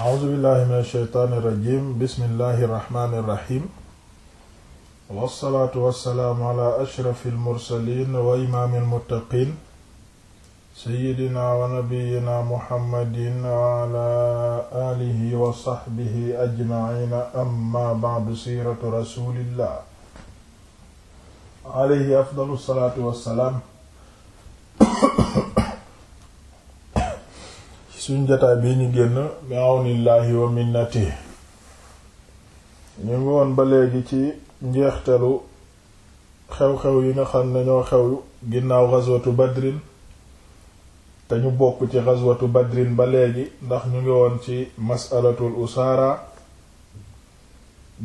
a'uuzu billahi min asheytaani irrajim bismillahi irrahmani irrahim wassalaatu wassalaamu ala ashrafi almursalin wa imaami almuttaqin seyidina wa nabiyina muhammadin wa ala alihi wa saxbihi ajmaina amma ba'du siiratu rasulillah alayhi afdalu salaatu wassalaam suñ jotaay bii ñu génn bi àwnillaahi wa minnati ñu ngi woon ba léegi ci njeextalu xew-xew yi nga xam ne ñoo xew ginnaaw ghazwatu badrin te ñu bokk ci ghazwatu badrin ba léegi ndax ñu ngi woon ci masalatul usaara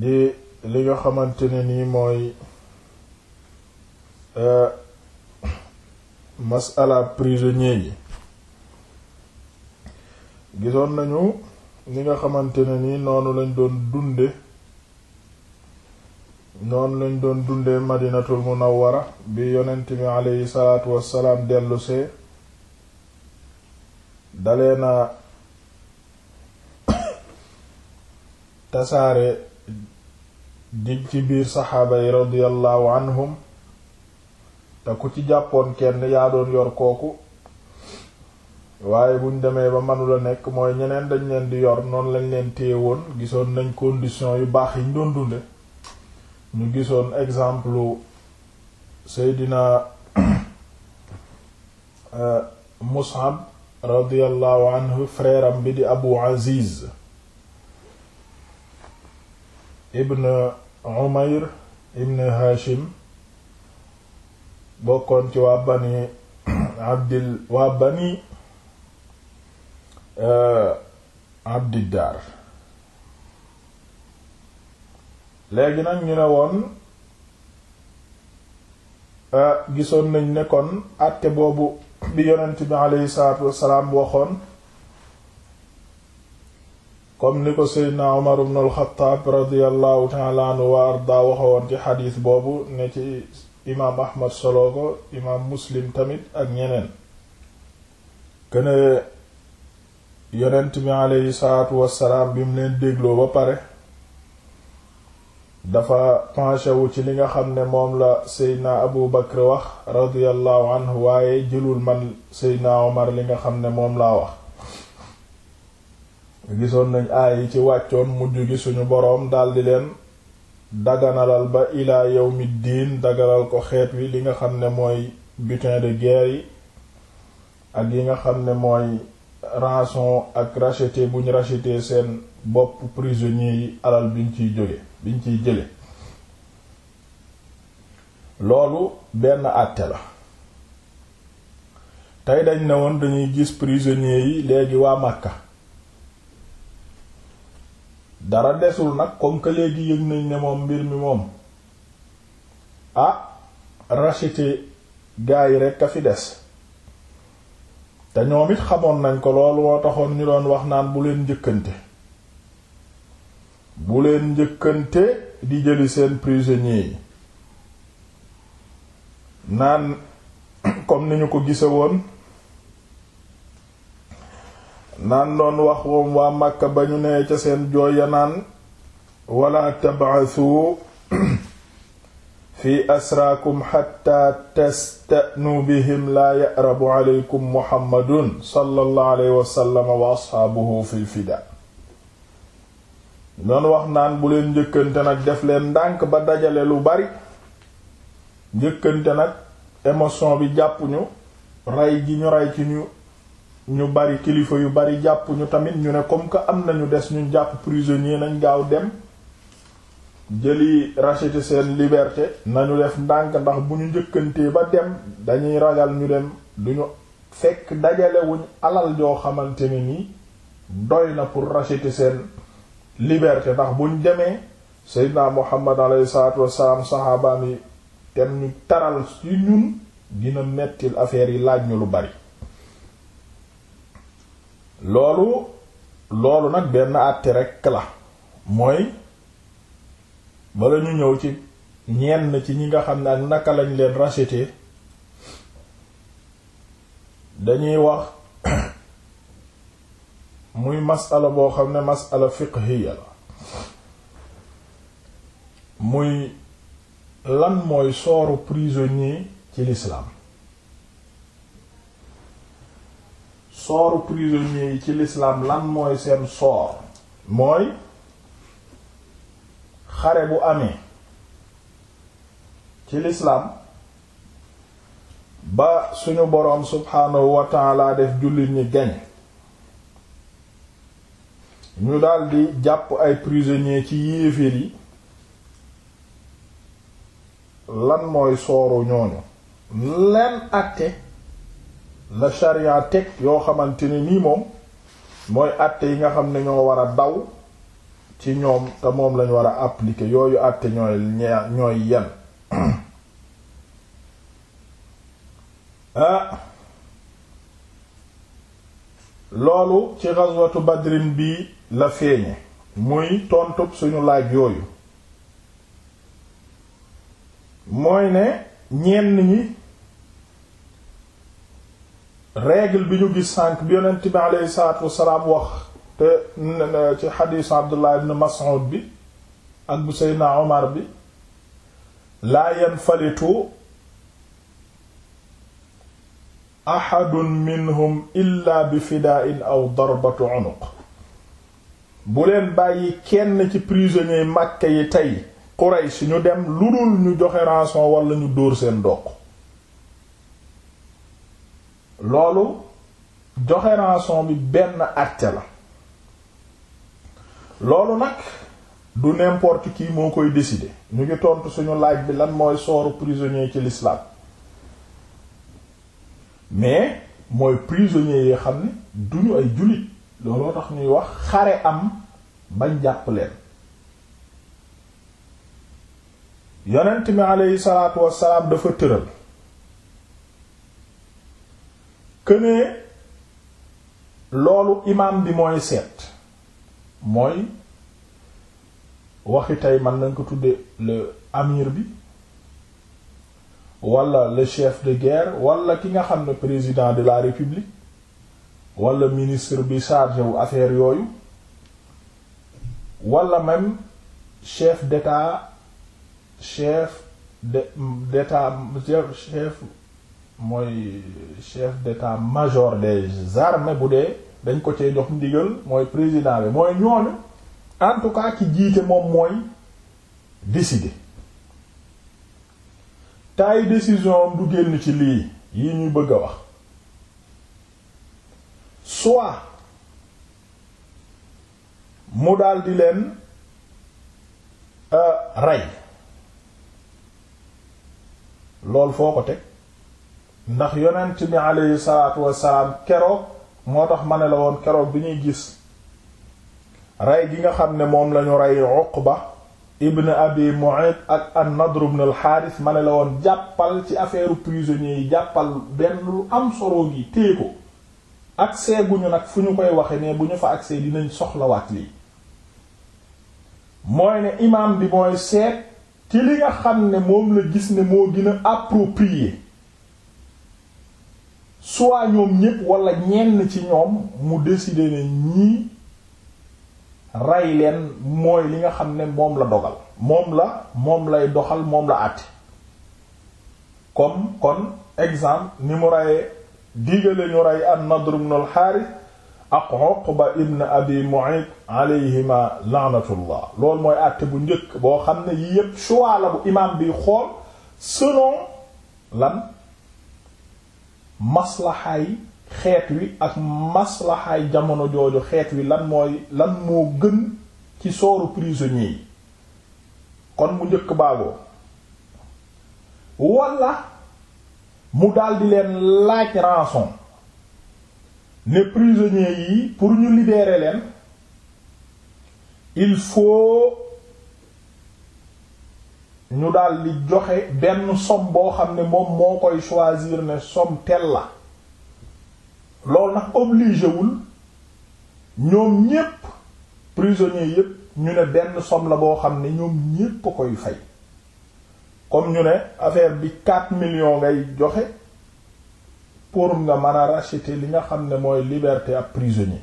di li nga xamante ne nii mooy euh, masala prisonnier yi gisoon nañu ni nga xamante ne ni noonu lañ doon dunde noonu lañ doon dunde madinatul munawwara bi yonent bi aleyhi salaatu wassalaam dellusee dalee na tasaare di ci biir saxaaba yi radiyallahu anhum te ku ci jàppoon kenn yaa doon yor kooku waaye buñ demee ba manula nekk mooy ñeneen dañ leen di yor noonu lañ leen téye woon gisoon nañ condition yu baax yiñ doon dunde ñu gisoon exemple Seydina euh, Mus'ab radiyallahu anhu frère bi di Abu Aziz ibn Umayr ibn Hashim bokkoon ci waa bani Abdil waa bani Eh, abdiddar léegi nag ñu ne woon eh, gisoon nañ nekkoon kon àtte boobu bi yonent bi aleyhi salaatu wassalaam waxoon comme ni ko seydna Umar ibn al-Khattab radiyallahu ta'ala wa arda waxoon ci xadiis boobu ne ci imaam Ahmad solo ko imaam Muslim tamit ak ñeneen kene yonent bi aleyhi salaatu wassalaam bi mu leen dégloo ba pare dafa penché wu ci li nga xam ne moom la seydna abu bakr wax radiyallahu anhu waaye jëlul man seydna omar li nga xam ne moom laa wax gisoon nañ aay yi ci wàccoon mujj gi suñu boroom daldi leen daganalal ba ilaa yawmiddiin daganal ko xeet wi li nga xam ne mooy butin de guerre ak yi nga xam ne mooy rançon ak racheter bu ñu racheter seen bopp prisonniers yi alal biñ ciy jóge biñ ciy jëlee loolu benn àtte la tey dañ ne woon dañuy gis prisonniers yi léegi waa Makka dara desul nag comme que léegi yëg nañ ne moom mbir mi moom ah racheter gaa yi rekk a fi des te ñoom it xamoon nañ ko loolu woo taxoon ñu doon wax naan bu leen njëkkante bu leen njëkkante di jëli seen prisonniers yi naan comme ni ñu ko gise woon naan doon wax woom waa Makka ba ñu nee ca seen jooy ya naan wala tab'athu fi asraakum xatta tastanu bihim laa yarabu aleykum muhammadun sallallahu alayhi wasallam wa asxaabuhu fil noonu wax naan bu leen njëkkante nag def leen ndànk ba dajale lu bari njëkkante nag émotion bi jàpp ñu rey gi ñu rey ci ñu ñu bari kilifa yu bari jàpp ñu tamit ñu ne comme que am nañu des ñu jàpp prisonnier nañ gaaw dem jëli racheter seen liberté nañu def ndànk ndax bu ñu njëkkantee ba dem dañuy ragal ñu dem duñu fekk dajalewuñ alal joo xamante ne ni doy na pour racheter seen liberté ndax buñ demee Seydina Muhammad alayhi salaatu wassalaam saxaabaam yi tem ñu taral ci ñun dina mettil affaire yi laaj ñu lu bari loolu loolu nag benn àtte rekk la mooy bala ñu ñëw ci ñenn ci ñi nga xam ne ak naka lañ leen racheter dañuy wax muy masala boo xam ne masala fiqhiya la muy lan mooy sooru prisonnier ci l'islam sooru prisonnier yi ci lislaam lan mooy seen soor mooy xare bu amee ci lislaam ba suñu boroom subhaanahu wa taala def jullit ñi gañe ñu daldi jàpp ay prisonniers ci yéeféer yi lan mooy sooru ñooñu leen àtte la sharia teg yoo xamante ne nii moom mooy àtte yi nga xam ne ñoo war a daw ci ñoom te moom lañ war a appliquer yooyu àtte ñooy ñooy yan ah. loolu ci ghazwatu badrin bi la feeñe muy tontub suñu laaj yooyu mooy ne ñenn ñi règle bi ñu gis sànq bi yonent bi aleyhi salaatu wasalaam wax te ci xadiis Abdullah ibn Mas'ud bi ak bu Seydina Omar bi laa yanfalitu ahadun minhum illa bi fidaa'in aw darbatu unuq bu leen bàyyi kenn ci prisonnier Makka yi tey Quraysh ñu dem lu dul ñu joxe rançon wala ñu dóor seen doq loolu joxe rançon bi benn àtte la loolu nag du n'importe kii moo koy décider ñu ngi tontu suñu laaj bi lan mooy sooru prisonnier ci l'islam mais mooy prisonnier yi xam ne duñu ay jullit looloo tax ñuy wax xare am bañ jàpp leen yonent mi aleyhi salaatu wassalaam dafa tëral kënee loolu imaam bi mooy seet mooy waxi tey man nañ ko tuddee le amir bi wala le chef de guerre wala ki nga xam ne président de la république walla ministre bi chargé wu affaire yooyu wala même chef d'état chef de d'état chef mooy chef d'état-major des armées bu dee dañ ko cee jox ndigal mooy président bi mooy ñooñu en tout cas ki jiite moom mooy décider taay décision du génn ci lii yi ñu bëgg a wax soit mu daldi leen euh, rey loolu foo ko teg ndax yonent bi aleyhi salaatu wasalaam keroog moo tax ma ne la woon keroog bi ñuy gis rey gi nga xam ne moom lañu rey Uqba ibn abi Mu'ayt ak an-Nadr ibn ma ne la woon jàppal ci affaire prisonniers yi jàppal benn lu am solo gi téye ko accès gu nag fu ñu koy waxe ne bu ñu fa accès dinañ soxlawaat lii mooy ne imaam bi mooy seet ci li nga xam ne moom la gis ne moo gën a soit ñoom ñépp walla ñenn ci ñoom mu décider ne ñii rey leen mooy li nga xam ne moom la dogal moom la moom lay doxal moom la àtte comme kon exemple ni mu reyee digale ñu rey an-Nadr ibn al-Harith ak ibn Abi Mu'ayt alayhima la'natullah loolu mooy àtte bu njëkk boo xam ne yi yépp choix la bu imaam bi xool selon lan maslaxaay xeet wi ak maslaxaay jamono jooju xeet wi lan mooy lan moo gën ci sooru prisonnier yi kon mu njëkk baagoo walla mu daldi leen laaj rançon ne prisonniers yi pour ñu libeere leen il faut ñu daal di joxe benn somm boo xam ne moom moo koy choisir ne somme tell la loolu nag obligé wul ñoom ñépp prisonniers yépp ñu ne benn somme la boo xam ne ñoom ñépp a koy fay comme ñu ne affaire bi 4 million ngay joxe pour nga mën a racheter li nga xam ne mooy liberté ak prisonnier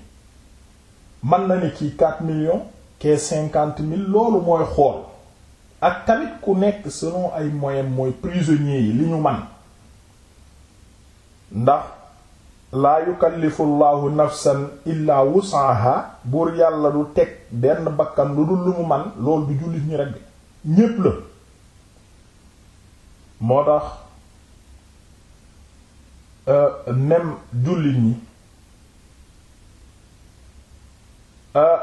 mën na ne kii 4 million kee cinquante mille loolu mooy xool ak tamit ku nekk selon ay moyens mooy prisonniers yi li ñu man ndax laa yukallifu llahu nafsan illa wusaaha buur yàlla du teg benn bakkan lu dul lu mu man lool du jullit ñi rekk ñépp la moo tax euh, même jullit ñi euh,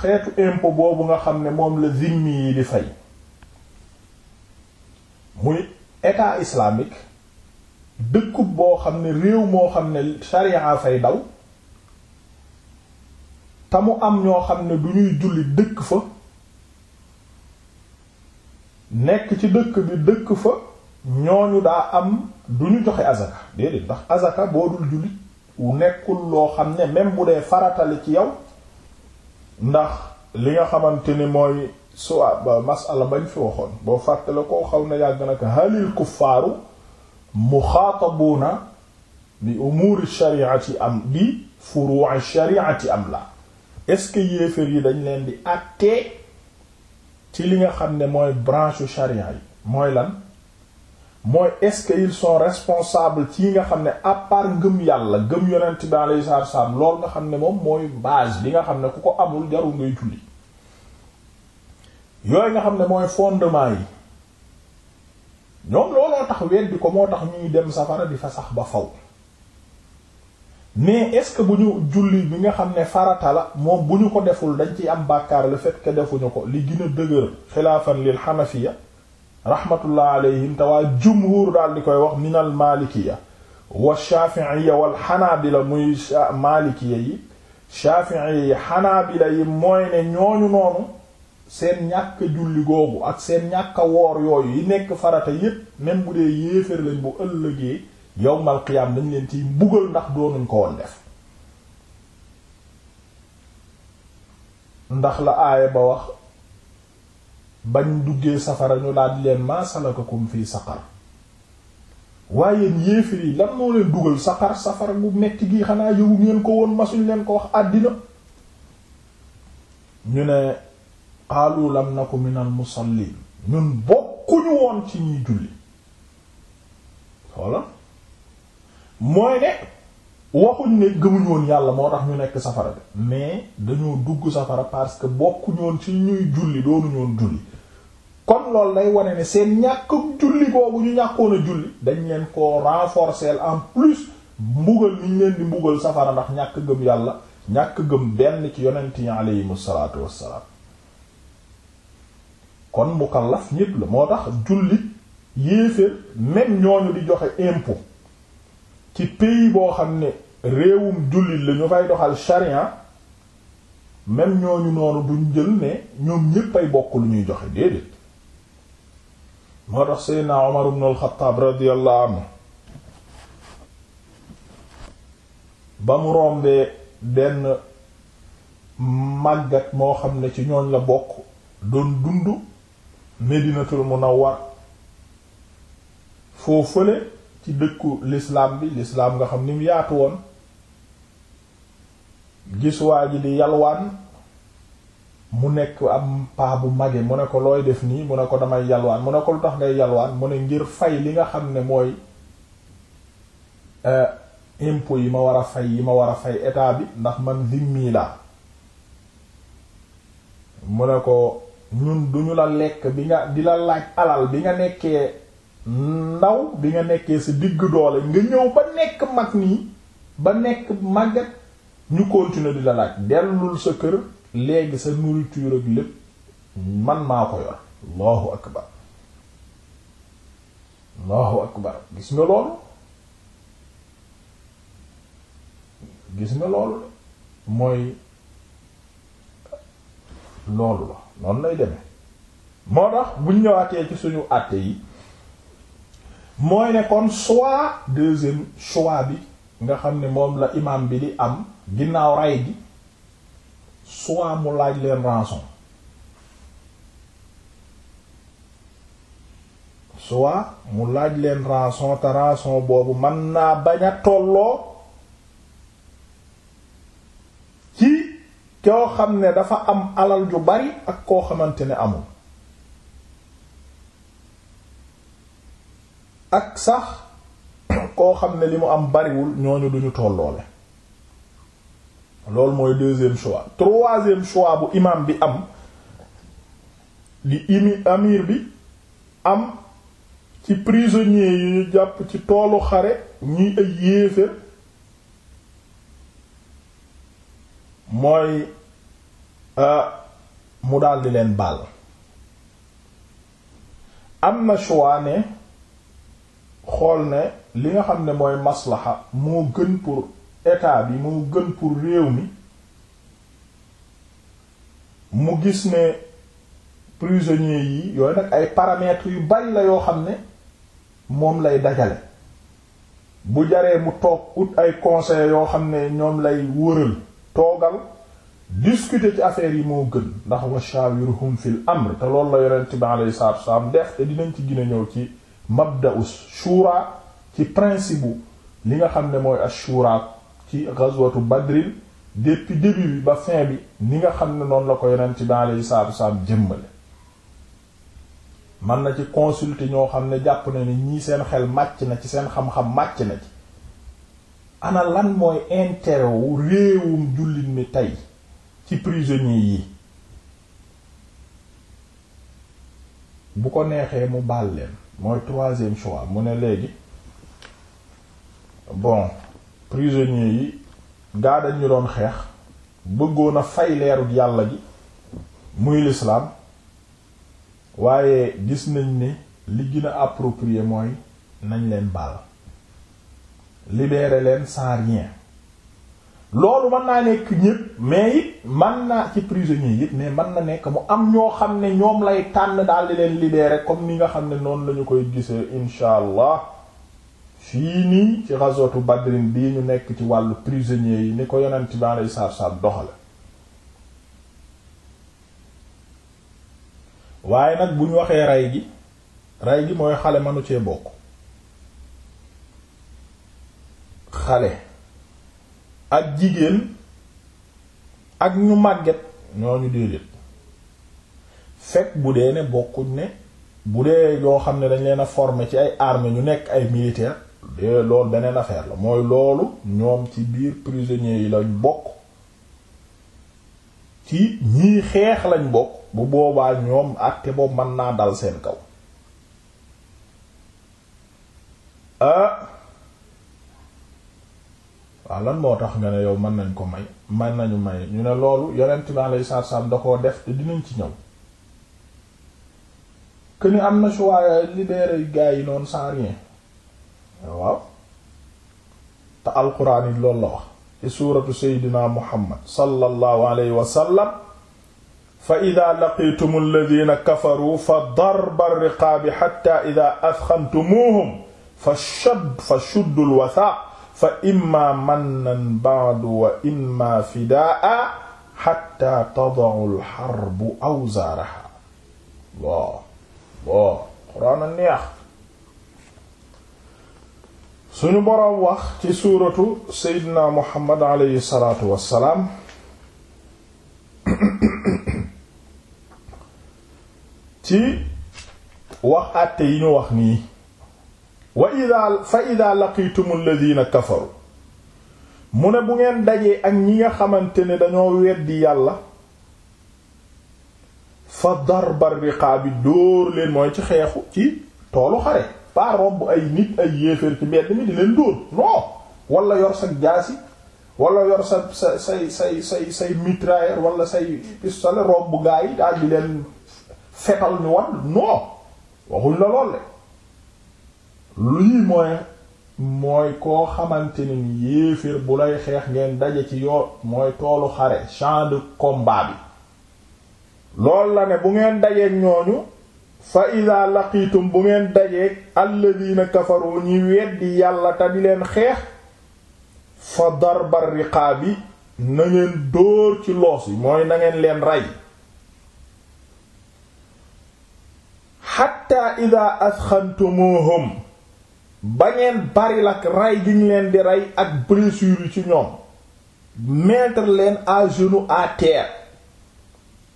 xeetu impo boobu nga xam ne moom la zimmi yi di fay muy état islamique dëkkub boo xam ne réew moo xam ne sharia fay daw te am ñoo xam ne du ñuy julli dëkk fa nekk ci dëkk bi dëkk fa ñooñu daa am du ñu joxe azaka déedéet ndax azaka boo dul wu nekkul loo xam ne même bu dee faratali ci yow ndax li nga xamante ni mooy suwa masala bañ fi waxoon boo fàttale ko xaw na yàgg nag halil kuffaaru na bi umuuri shariati am bi furu'i shariati am la est-ce que yéefér yi dañ leen di àttee ci li nga xam ne mooy branche sharia yi mooy lan mooy est-ce que ils sont responsables ci nga xam ne à part ngëm yàlla ngëm yonent bi alayhi salaatu salaam lool nga xam ne moom mooy base bi nga xam ne ku ko amul jarul ngay julli yooyu nga xam ne mooy fondement yi ñoom looloo tax weddi ko moo tax ñuy dem safara di fa sax ba faw mais est-ce que bu ñu julli bi nga xam ne farata la moom bu ñu ko deful dañ ci am bàkkaar le fait defuñu ko li gën a dëgër xilaafan lil xanafiya rahmatullah alayhim te waa jumhur daal di koy wax min al malikiya wa shafi'iyya wal xanaabila muy malikiya yi shafi'iyya yi xanaabila yi mooy ne ñooñu noonu seen ñàkk julli googu ak seen ñàkk a woor yooyu yi nekk farata yépp même bu dee yéeféer lañ bu ëllëgee yowmal qiyaam dañ leen ci mbugal ndax doonuñ ko woon def ndax la aaya ba wax bañ duggee safara ñu laaj leen ko salakakum fii saqar waaye yéefir yi lan moo leen dugal safara bu metti gii xanaa yëgu ngeen ko woon masuñ leen ko wax àddina ñu ne qaalu lam naku minal musallin ñun bokkuñu woon ci ñuy julli xoola mooy ne waxuñ ne gëmuñ woon yàlla moo tax ñu nekk safara bi mais dañoo dugg safara parce que bokkuñu woon ci ñuy julli doonuñu woon julli kon loolu day wane ne seen ñàkk julli boobu ñu ñàkkoon a julli dañ leen koo renforcer en plus mbugal niñ leen di mbugal safara ndax ñàkk gëm yàlla ñàkk gëm benn ci yonent yi aleyhim salaatu wassalaam kon mukallaf ñépp la moo tax jullit yéeféer même ñooñu di joxe impôt ci pays boo xam ne réewum jullit lañu ñu fay doxal charia même ñooñu noonu duñ jël ne ñoom ñépp ay bokk lu ñuy joxe déedéet moo tax seydna Umar ibn al-Khattab ba mu rombee benn màggat moo xam ne ci ñooñ la bokk doon dund Medinatul Munawwar foo fële ci dëkku lislaam bi lislaam nga xam ni mu yaatu woon gis waa ji di yalwaan mu nekk am paa bu mage mu ne ko looy def nii mu ne ko damay yalwaan mu ne ko lu tax ngay yalwaan mu ne ngir fay li nga xam ne mooy euh, impôt yi ma war a fay yi ma war a fay état bi ndax man mii laa mu ne ko ñun duñu la lekk bi nga di la laaj alal bi nga nekkee ndaw bi nga nekkee si digg doole nga ñëw ba nekk mag nii ba nekk màggat ñu continuer di la laaj dellul sa kër léegi sa nourriture ak lépp man maa ko yor allahu akbar gis nga loolu gis nga loolu mooy loolu la noonu lay demee moo tax buñ ñëwaatee ci suñu àtte yi mooy ne kon choix deuxième bi nga xam ne moom la imam bi di am ginnaaw ray gi soit mu laaj leen rançon soit mu laaj leen rançon te rançon boobu mën naa bañ a tolloo ci koo xam ne dafa am alal ju bari ak koo xamante ne amul ak sax koo xam ne li mu am bariwul ñooñu duñu tolloole loolu mooy deuxième choix troisième choix bu imam bi am di imi amir bi am ci prisonnier yi ñu jàpp ci toolu xare ñuy ay yéefér mooy euh, mu daldi leen baal am na choix ne xool ne li nga xam ne mooy maslaxa moo gën pour état bi moo gën pour réew mi mu gis ne prisonniers yi yooyu nag ay paramètres yu bari la yoo xam ne moom lay dajale bu jaree mu toog ut ay conseils yoo xam ne ñoom lay wëral toogal discuter ci affaires yi moo gën ndax wa shawirhum fil amr te loolu la yonent bi alayhi salaatu wassalaam def te dinañ ci gën a ñëw ci mabda'us shura ci principe li nga xam ne mooy ashura ci ghazwatu badrin depuis début bi ba fin bi ni nga xam ne noonu la ko yonent bi alayhi saabu wasalaam jëmmale mën na ci consulter ñoo xam ne jàpp na ni ñii seen xel màcc na ci seen xam-xam màcc na ci ana lan mooy intérêt wu réewum jullit mi tey ci prisonnier yi bu ko neexee mu baal leen mooy troisième choix mu ne léegi bon prisonniers yi gaa dañu doon xeex bëggoon a fay leerut yàlla gi muy lislaam waaye gis nañ ni li gën a approprié mooy nañ leen baal libérer leen san rien loolu mën naa nekk ñépp mais it mën naa ci prisonniers yépp mais mën na nekk mu am ñoo xam ne ñoom lay tànn daal di leen libérer comme ni nga xam ne noonu lañu koy gisee incha allah fii nii ci ghazwatu badrin bii ñu nekk ci wàllu prisonniers yi ni ko yonent bi alayhi salaatu salaam doxale waaye nag bu ñu waxee rey gi ray gi mooy xale manu cee bokk xale ak jigéen ak ñu màgget ñooñu déedéet fekk bu dee ne bokkuñ ne bu dee yoo xam ne dañ leen a forme ci ay armée ñu nekk ay militaire de loolu beneen affaire la mooy loolu ñoom ci biir prisonniers yi lañ bokk ci ñii xeex lañ bokk bu boobaa ñoom àtte boobu man naa dal seen kaw ah waaw lan moo tax nga ne yow mën nañ ko may mën nañu may ñu ne loolu yonent bi alayhi salaatu salaam da koo def te dinañ ci ñëw que ni am na choix libérer gars yi noonu sans rien waaw te alquran yi loolu la wax ci suuratu seydina muhammad sallallahu alayhi wa sallam fa ida laqitum alladina kafaru fa darba riqaabi xatta ida asxamtumuuhum fa shadd fa shuddu alwasaaq fa imma mannan ba'du wa imma fidaa xatta tada'u alxarbu awzaaraha Allah Allah quraan neex suñu boroom wax ci suuratu seydina muhammad aleyhi salaatu wassalaam ci wax àtte yi ñu wax nii wa ida fa ida laqitum alladina kafaru mu ne bu ngeen dajee ak ñi nga xamante ne dañoo weddi yàlla fa darbar riqaabi dóor leen mooy ci xeexu ci toolu xare pas romb ay nit ay yéeféer ci mbedd mi di leen dóor non wala yor sa jaasi wala yor sa sa say say say say mitrailleur wala say pistolet romb gaa yi daal di leen fetal ni wan non waxuñ la lool de lii mooy mooy koo xamante ni yéeféer bu lay xeex ngeen daje ci yoo mooy toolu xare champ de combat bi loolu la ne bu ngeen dajeek ñooñu fa ida laqiitum bu ngeen dajeek alladina kafaru ñi weddi yàlla te di leen xeex fa darbar riqaabi na ngeen dóor ci loos yi mooy na ngeen leen rey xatta ida asxantumuhum ba ngeen baril ak rey gi ñu leen di rey ak blessure ci ñoom mettre leen à genoux à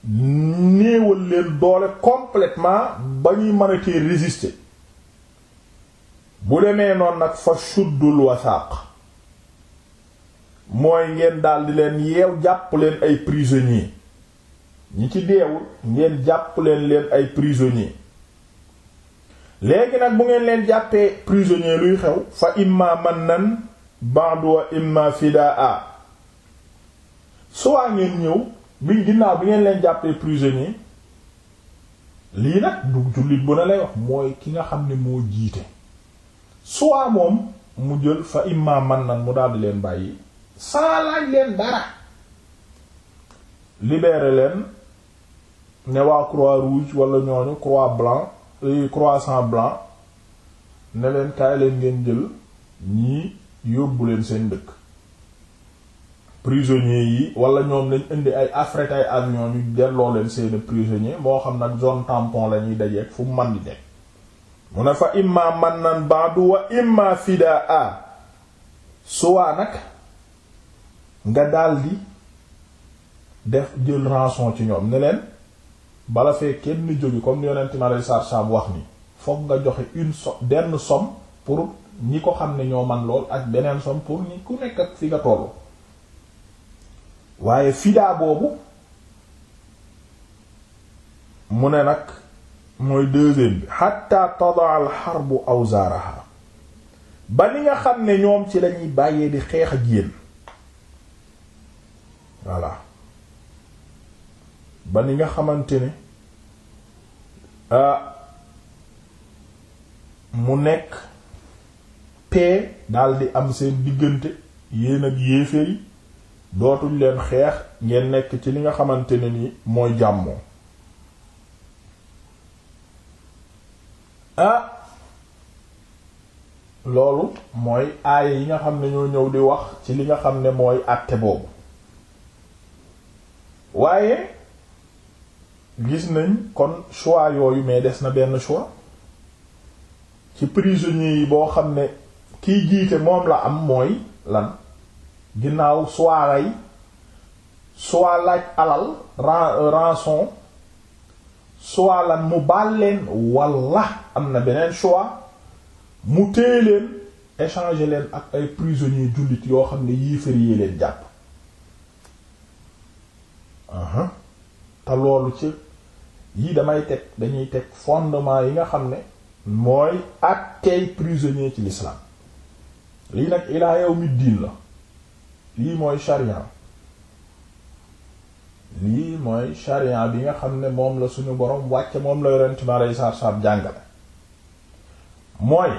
néewal leen doole completement ba ñuy mënatee résister bu demee noonu nag fa suddul wasaaq mooy ngeen daldi leen yeew jàpp leen ay prisonniers ñi ci deewul ngeen jàpp leen leen ay prisonniers léegi nag bu ngeen leen jàppee prisonniers luy xew fa imma man nan ba'du wa imma fidaa suwaa ngeen ñëw bi ginaaw bi ngeen leen jàppee prisonnier lii nag du jullit bu ne lay wax mooy ki nga xam ne moo jiite soit moom mu jël fa imma man nan mu daldi leen bàyyi sans laaj leen dara libéré leen ne waa croix rouge wala ñooñu croix blanc euh, croissant blanc ne leen kaay leen ngeen jël ñii yóbbu leen seen dëkk prisonniers yi wala ñoom lañ indi ay affrété ay avion ñu delloo leen seeni prisonniers moo xam nag zone tampon la ñuy dajeeg fu man di nekk mu ne fa imma man nan ba'du wa imma fidaa a suwaa nag nga daldi def jël ranson ci ñoom ne leen bala fee kenn jógi comme ni yonent ma lay sarsam wax ni fokk nga joxe une so denn somme pour ñi ko xam ne ñoo man lool ak beneen somme pour ñi ku nekk fi nga tollu waaye fidaa boobu mu ne nag mooy deuxième bi xatta tadaa al xarbu awzaaraha ba li nga xam ne ñoom ci lañuy bàyyee di xeex ak yéen voilà ba ni nga xamante ne mu nekk paix daldi am seen diggante yéen ak yéeféer yi dootuñ leen xeex ngeen nekk ci li nga xamante ne ni mooy jàmmoo ah loolu mooy aaya yi nga xam ne ñoo ñëw di wax ci li nga xam ne mooy àtte boobu waaye gis nañ kon choix yooyu mais des na benn choix ci prisonniers yi boo xam ne kiy jiite moom la am mooy lan ginnaaw soit rey soit laaj alal euh, rançon soit lan mu baal leen walla am na beneen choix mu téye leen échanger leen ak ay prisonniers jullit yoo xam ne yéefar yi leen jàpp aha te loolu ci yii damay teg dañuy teg fondement yi nga xam ne mooy ak tey prisonnier ci l'islam lii nag ilaa mi diin la lii mooy sharia lii mooy sharia bi nga xam ne moom la suñu borom wàcce moom la yonent ma lay saab-saab jàngale mooy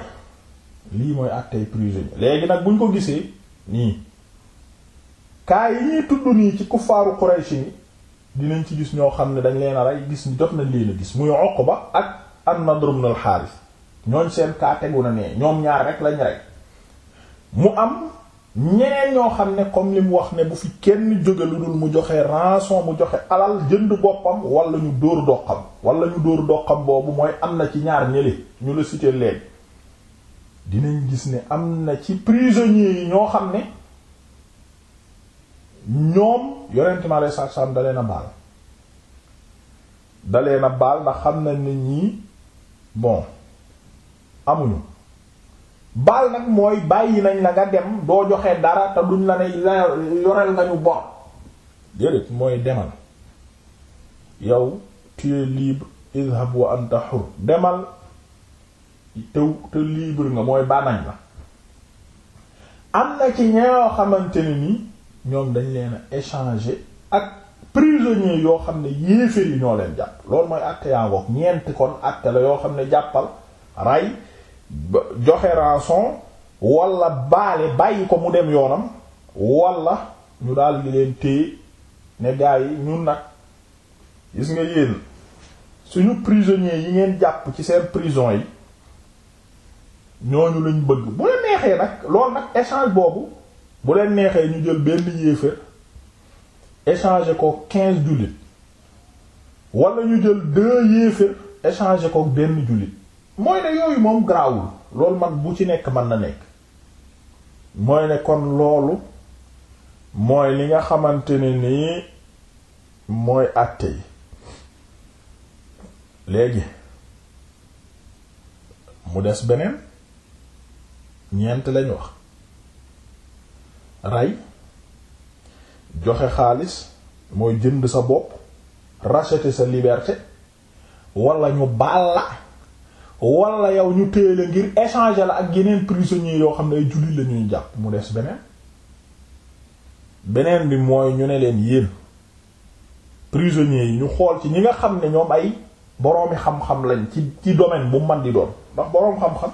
lii mooy àttey prisonnier léegi nag buñ ko gisee nii kaa yi ñuy tudd nii ci kuffaaru Quraysh ni dinañ ci gis ñoo xam ne dañ leen a rey gis jot nañ leen a gis muy Uqba ak an-Nadr ibn al-Harith ñooñ seen kaa tegu na nee ñoom ñaar rek lañ rek mu am ñeneen ñoo xam ne comme li mu wax ne bu fi kenn jóge lu dul mu joxe rançon mu joxe alal jënd boppam wala ñu dóor doqam wala ñu dóor doqam boobu mooy am na ci ñaar ñële ñu la cité léegi dinañ gis ni am na ci prisonniers yi ñoo xam ne ñoom yonent mi alayhi dalee na baal dalee na baal ndax xam nañ ne ñii bon amuñu baal nag mooy bàyyi nañ la nga dem doo joxee dara te duñ la ne yoreel nga ñu bor déedéet mooy demal yow tu es demal te te libre nga mooy baanañ la am na ci ñoo xamante ne ni ñoom dañ leen a échanger ak prisonniers yoo xam ne yéeféer yi ñoo leen jàpp loolu mooy àtte yaa ngoog ñeent kon àtte la yoo xam ne jàppal rey joxe rançon wala baale bàyyi ko mu dem yoonam wala ñu daal di leen téye ne gaa yi ñun nag gis nga yéen suñu prisonniers yi ngeen jàpp ci seen prison yi ñooñu lañ bëgg bu leen neexee nag loolu nag échange boobu bu leen neexee ñu jël benn yéefar échanger ko quinze jullit wala ñu jël deux yéefar échanger ko benn jullit mooy ne yooyu moom garaawul loolu man bu ci nekk mën na nekk mooy ne kon loolu mooy li nga xamante ne mooy àtte yi léegi mu des beneen ñeent lañu wax rey joxe xaalis mooy jënd sa bopp racheter sa liberté wala ñu baal la wala yow ñu téye ngir échanger la ak yeneen prisonniers yoo xam ne ay jullit la ñuy jàpp mu des beneen beneen bi mooy ñu ne leen yéen prisonniers yi ñu xool ci ñi nga xam ne ñoom ay boroomi xam-xam lañ ci ci domaine bu man di doon ndax boroom xam-xam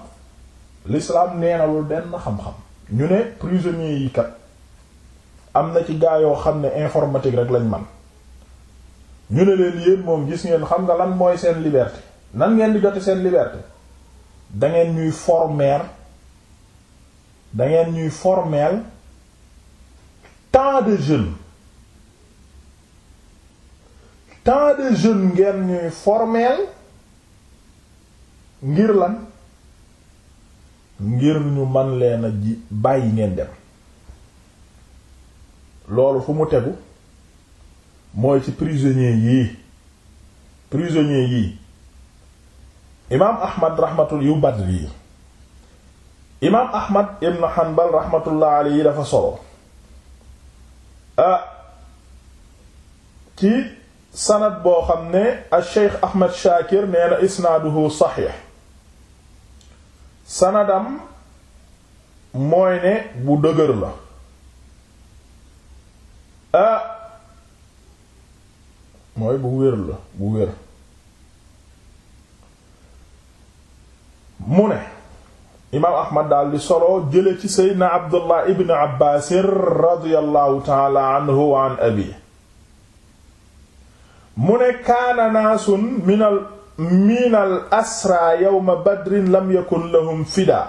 l'islam nee lu benn xam-xam ñu ne prisonniers yi kat am na ci gaa yoo xam ne informatique rek lañ man ñu ne leen yéen moom gis ngeen xam nga lan mooy seen liberté nan ngeen di jote seen liberté da ngeen ñuy former da ngeen ñuy formeel tant de jeunes tant de jeunes ngeen ñuy formeel ngir lan ngir ñu man leen a ji bàyyi ngeen dem loolu fu mu tegu mooy ci prisonniers yii prisonniers yii imaam ahmad rahmatul yu badri imaam ahmad ibn hanbal rahmatullah alayhi dafa solo ah ci sanad boo xam ne al sheikh ahmad shaakir nee isnaaduhu saxiix sanadam mooy ne bu dëgër la ah mooy bu wér la bu wér mu ne imaam ahmad daal di solo jële ci seydna abdullah ibn abbasir radiyallahu taala anhu wa an abi mu ne kaana naasun minal minal asra yawma badrin lam yakun lahum fida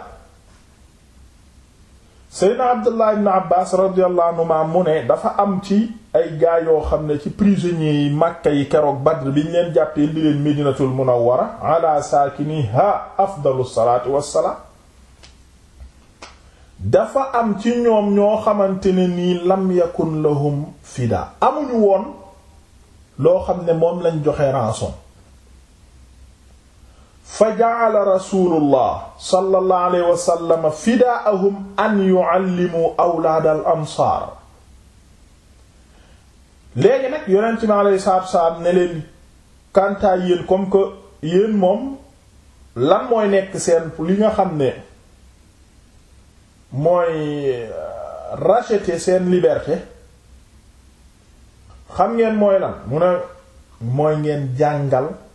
seydna abdullah ibn abbas radiyallahu anhuma mu ne dafa am ci ay gaa yoo xam ne ci prisonniers yi Makka yi keroog Badr bi ñu leen jàppee di leen Medinatul Munawwara ala saakiniha afdalu salaatu wassalaam dafa am ci ñoom ñoo xamante ni nii lam yakun lahum fida amuñu woon loo xam ne moom lañ joxe rançon fa ja'ala rasulullah sallallahu alayhi wa sallam fidaahum an yu'allimu awlaad al ansaar léegi nag yonent mi alayhi salaatu salaam ne leen kantaa yéen comme que yéen moom lan mooy nekk seen li nga xam ne mooy euh, racheter seen liberte xam ngeen mooy lan mu ne mooy ngeen jàngal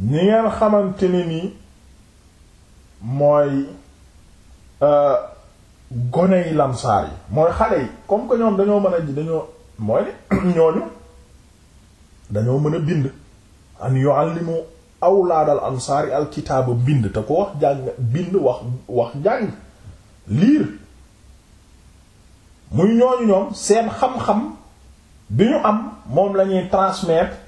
ñi ngeen xamante ne ni mooy euh, gone yi lamsaar yi mooy xale yi comme que ñoom dañoo mën a ji dañoo mooy ñooñu dañoo mën a bind an yu'allimu awlaadal ansaari alkitaaba bind te ko wax jàng bind wax wax jàng liir muy ñooñu ñoom seen xam-xam bi ñu am moom lañuy transmettre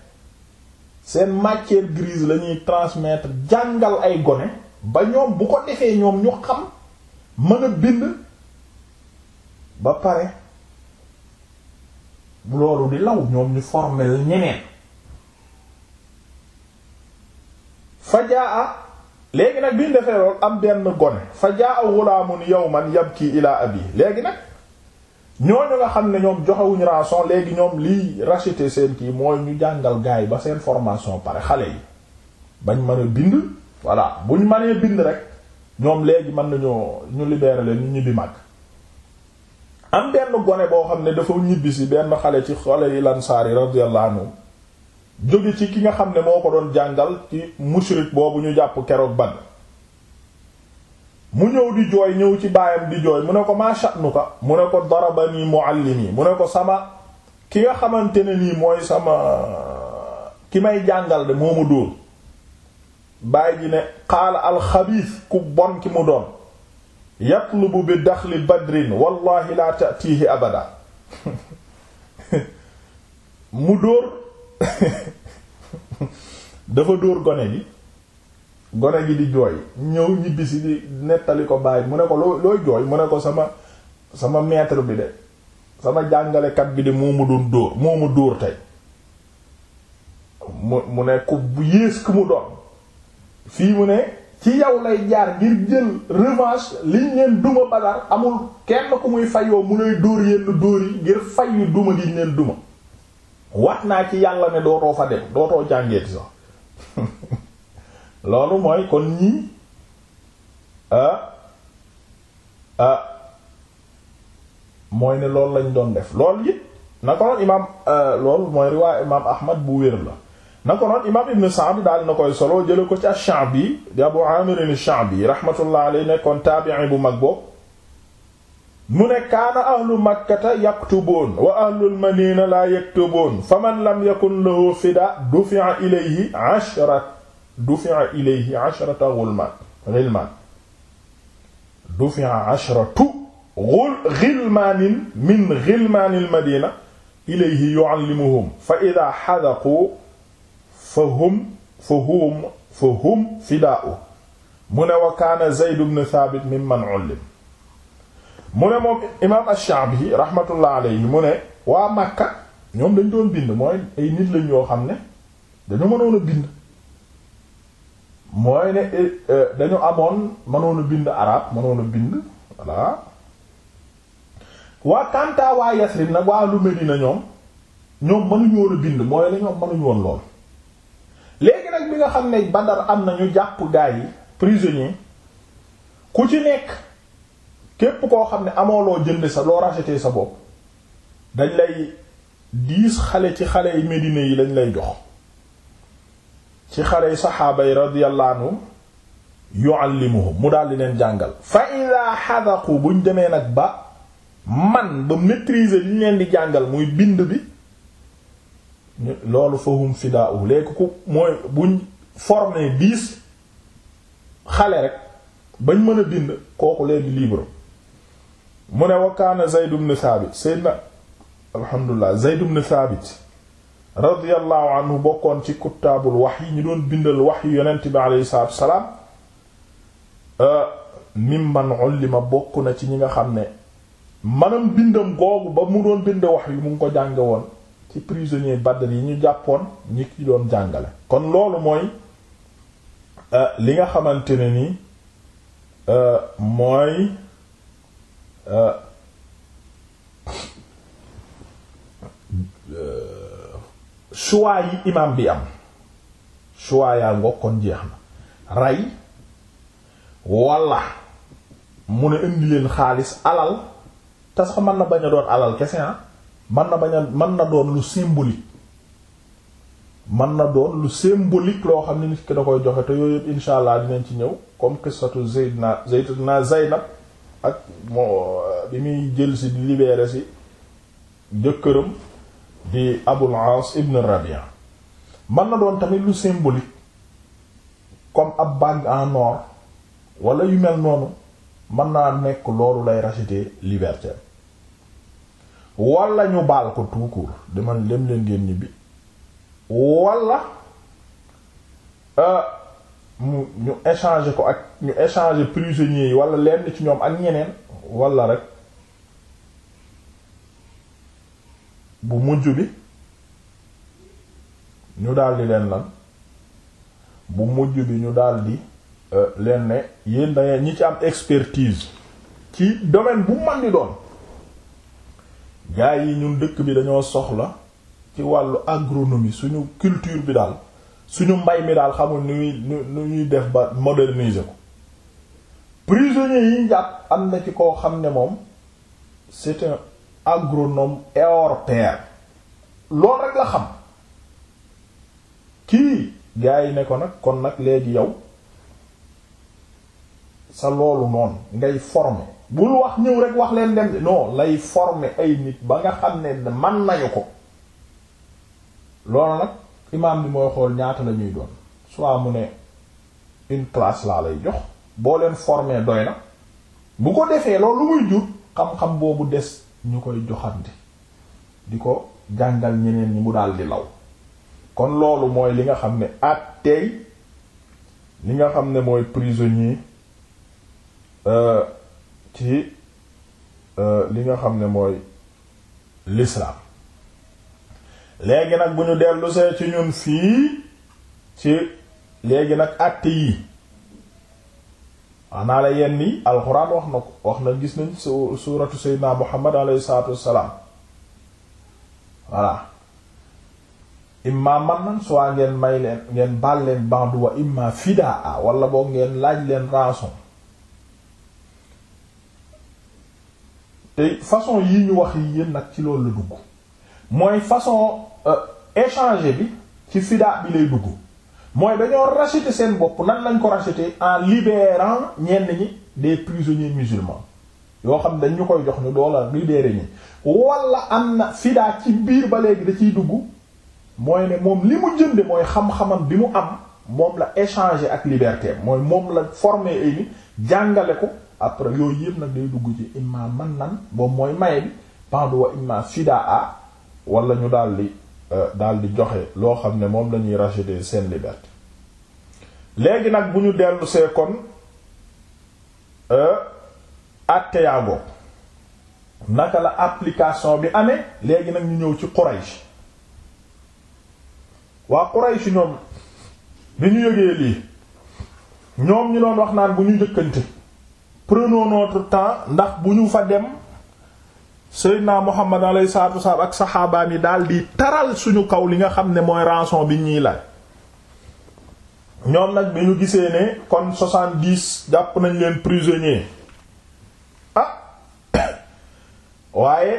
seen matière grise lañuy ñuy jàngal ay gone ba ñoom bu ko defee ñoom ñu xam mën a bind ba pare loolu di law ñoom ñu formel ñeneen fajaa léegi nag biñ defee loolu am benn gone fajaa xulaamun yawman yabki ilaa abi léegi nag ñooñu nga xam ne ñoom joxewuñu rançon léegi ñoom lii racheter seen kii mooy ñu jàngal gaay ba seen formation pare xale yi bañ mën a bind voilà buñ mënee bind rek ñoom léegi mën nañoo ñu libérer leen ñu ñibbi mag am benn gone boo xam ne dafa ñibbisi benn xale ci xale yi lansaari radiyallahu anhu jóge ci ki nga xam ne moo ko doon jàngal ci mushrik boobu ñu jàpp keroog ban mu ñëw di jooy ñëw ci baayam di jooy mu ne ko maa sha'nuka mu ne ko darabani muallimi mu ne ko sama ki nga xamante ne nii mooy sama ki may jàngal de moo ma dóor baay ji ne qaala alxabiis ku bon ki mu doon yatlubu bi daxli badrin wallahi laa tatiihi abada mu dóor dafa dóor gone gi gone gi di jooy ñëw ñibbisi di nettali ko bàyyi mu ne ko loo looy jooy mu ne ko sama sama maître bi de sama jàngalekat bi de moo ma doon dóor moo ma dóor tey mu mu ne ku yées ku mu doon fii mu ne ci yow lay jaar ngir jël revanche liñ leen duma badar amul kenn ku muy fayoo mu lay dóor yenn dóor yi ngir fay yu duma liñ leen duma wat naa ci yàlla ne dootoo fa dem dootoo jàngeeti sax loolu mooy kon ñii mooy ne loolu lañ doon def loolu it na ko noon imaam loolu mooy riwaay imaam Ahmad bu wér la na ko noon imaam Ibn Sa'd daal na koy solo jële ko ci ash-Sha'bi di Abu Amir ash-Sha'bi rahmatullah alayhi nekkoon taabi'i bu mag boobu mu ne kaana ahlu makkata yaktuboon wa ahlul madina laa yaktuboon faman lam yakun lahu fida dufi'a ilayhi ashrat dufi'a ilayhi asharata ghulman ghilman dufi'a asharatu ghilmanin min ghilmanil madina ilayhi yu'allimuhum fa idha hadaqu fahum fahum fahum fidaa'u mu ne wa kaana Zayd ibn Thabit mimman ullim mu ne moom imaam ash-Sha'bi rahmatullah alayhi mu ne waa Makka ñoom dañ doon bind mooy ay nit lañ yoo xam ne dañu mënoon a bind mooy ne eh, eh, dañu amoon mënoon bind arab mënoon bind voilà waa Kanta waa Yasrib nag waa lu Medina ñoom ñoom mënuñu woon bind mooy la ñoom mënuñu woon lool. léegi nag bi nga xam ne Badar am na ñu jàpp gaa yi prisonnier ku ci nekk képp koo xam ne amoo loo jënd sa loo racheté sa bopp dañ lay diis xale ci xale yi Medina yi lañ lay jox. ci xare yi saxaaba yi radiyallahu anhum mu daal di leen jàngal fa ida xadaqu buñ demee nag ba man ba maîtriser li leen di jàngal muy bind bi loolu fahum fidaa'u léegi ku mooy buñ formé dix xale rek bañ mën a bind kooku léegi libre mu ne wa kaana Zayd ibn Thabit Seydina alhamdulilah Zayd ibn Thabit radiyallahu anhu bokkoon ci kuttaabul wax yi ñu doon bindal wax yi yonent bi aleyhi salaatu wasalaam euh, mimman ullima bokk na ci ñi nga xam ne manam bindam googu ba mu doon bind wax yi mu ngi ko jànge woon ci prisonnier Badr yi ñu jàppoon ñi ci doon jàngale kon loolu mooy euh, li nga xamante ne ni euh, mooy choix yi imaam bi am choix yaa ngokkoon jeex na rey walla mu ne indi leen xaalis alal tas sax man na bañ a doon alal kese ah mën na bañ a man na doon lu symbolique man na doon lu symbolique loo xam ne nit ki da koy joxe te yooyu yëpp insha allah dina ci ñëw comme qissatu Zaydna naa Zaynab ak moo bi muy jël si libéré si jëkkëram di Abul Aas ibn Rabia mën na doon tamit lu symbolique comme ab bague en or wala yu mel noonu mën naa nekk loolu lay racheter liberté wala ñu baal ko tout court demal dem leen ngeen ñibbi wala euh, mu ñu échanger ko ak ñu échanger prisonniers yi wala lenn ci ñoom ak ñeneen walla rek. bu mujj bi ñu daldi leen lan bu mujj bi ñu daldi euh, leen ne yéen dangeen ñi ci am expertise ci domaine bu man di doon gaa yi ñun dëkk bi dañoo soxla ci wàllu agronomie suñu culture bi daal suñu mbay mi daal xamul nu nu ñuy def ba moderniser ko prisonniers yi ñu am na ci koo xam ne moom c'est agronome hors pair loolu rek la xam kii gars yi ne ko nag kon nag léegi yow sa loolu noonu ngay former bul wax ñëw rek wax leen dem non lay former ay nit ba nga xam ne man nañu ko loolu nag imaam bi mooy xool ñaata la ñuy doon soit mu ne une classe laa lay jox boo leen former doy na bu ko defee loolu lu muy jur xam-xam boobu des ñu koy joxante di ko jàngal ñeneen ñi mu daal di law kon loolu mooy li nga xam ne ak tey li nga xam ne mooy prisonnier euh, ci euh, li nga xam ne mooy l'islam léegi nag bu ñu dellusee ci ñun fii ci léegi nag àtte yi wax naa la yenn yi alxuraan wax na ko wax na gis nañ suuratu seydina muhammad alayhi salaatu wassalaam voilà imma man nan soit ngeen may leen ngeen baal leen bandu wa imma fidaa wala boog ngeen laaj leen rançon te façon yi ñu wax yi yéen nag ci loolu la mooy façon euh, échanger bi ci fidaa bi lay dugg mooy dañoo racheter seen bopp nan lañ ko racheter en libérant ñenn ñi des prisonniers musulmans yoo xam ne dañ ñu koy jox ñu doola libéré ñi wala am na fidaa ci biir ba léegi da ciy dugg mooy ne moom li mu jënde mooy xam-xamam bi mu am moom la échanger ak liberté mooy moom la former ay ni jàngale ko après yooyu yëpp nag day dugg ci imma man nan boobu mooy maye bi pendu wa imma fidaa a wala ñu daal di euh, daal di joxe loo xam ne moom la ñuy racheter seen liberté léegi nag bu ñu dellusee kon euh, àtte yaa naka la application bi amee léegi nag ñu ñëw ci Quraysh waa Quraysh ñoom bi ñu yëgee lii ñoom ñu doon wax naan bu ñu njëkkante prenons notre temps ndax bu ñu fa dem Seydina Muhammad alayhi salaatu wasallam ak saxaabaam yi daal di taral suñu kaw li nga xam ne mooy rançon bi ñii laaj ñoom nag bi ñu gisee ne kon soixante-dix jàpp nañ leen prisonnier ah waaye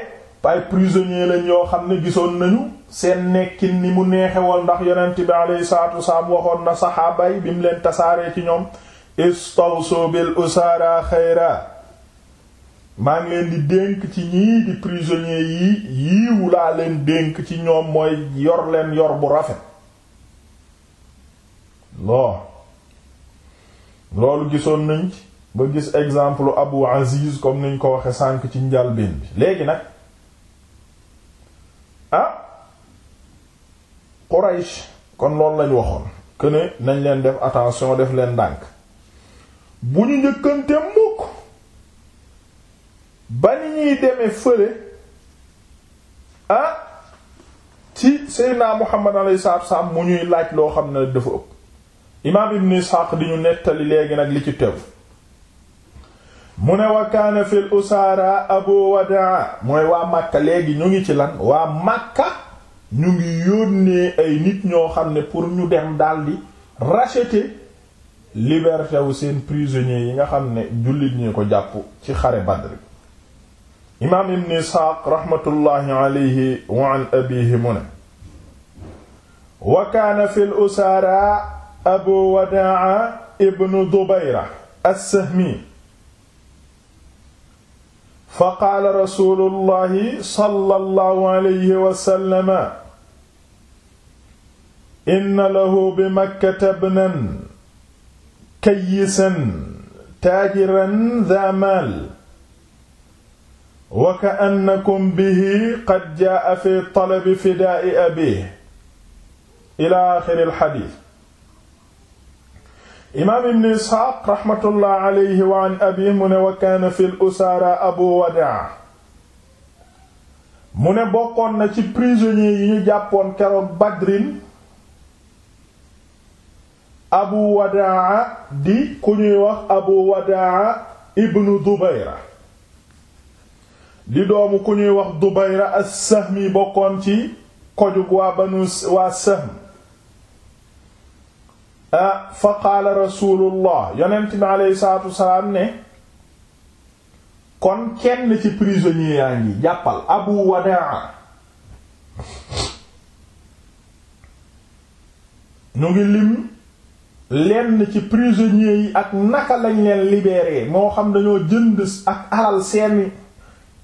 ay prisonnier lañ yoo xam ne gisoon nañu seen nekkin ni mu neexewoon ndax yonent bi alayhi salaatu wasalaam waxoon na saxaaba yi bi mu leen tasaaree ci ñoom istawso bil usara xayra maa ngi leen di dénk ci ñii di prisonnier yi yiiwu laa leen dénk ci ñoom mooy yor leen yor bu rafet loo loolu gisoon nañ ci ba gis exemple Abu Aziz comme niñ ko waxee sànk ci njalbeen bi léegi nag ah Quraysh kon loolu lañ waxoon que nañ leen def attention def leen ndànk bu ñu njëkkante mukk ba ñuy demee fële ah ci Seydina Muhammad alayhi salaatu wa salaam mu ñuy laaj loo xam ne dafa ëpp imaam ibn isxaaq di ñu nettali léegi nag li ci tew mu ne wa kaana fil usaara abu wadaa mooy waa màkka léegi ñu ngi ci lan waa màkka ñu ngi yónnee ay nit ñoo xam ne pour ñu dem daldi racheter liberté wu seen prisonniers yi nga xam ne jullit ñi ko jàpp ci xare Badr imaam ibn isxaaq raxmatullaahi alayhi wa an abiihi mu ne wa fil usaara abu wadaa ibnu dubayra assahmi fa qaala rasulullahi sallallahu alayhi wasallama inna lahu bi makkata bnan kayisan taajiran dha maal wa ka'annakum bihi qad jaa'a fi talabi fidaa'i abiihi ila aaxiri alxadiis imaam ibn isxaaq raxmatullah alayhi wa an abi mu ne wa kaana fil usaara abu wadaa mu ne bokkoon na ci prisonniers yi ñu jàppoon keroog badrin abu wadaa di ku ñuy wax abu wadaa ibnu dubayra di doomu ku ñuy wax dubayra as-sahmi bokkoon ci kojug waa banu waa sahm Ah, fa qaala rasulullah yonent bi aleyhi salaatu wasalaam ne kon kenn ci prisonnier yaa ngi jàppal abu wadaa ñu ngi lim lenn ci prisonnier yi ak naka lañ leen libéré moo xam dañoo jënd ak alal seeni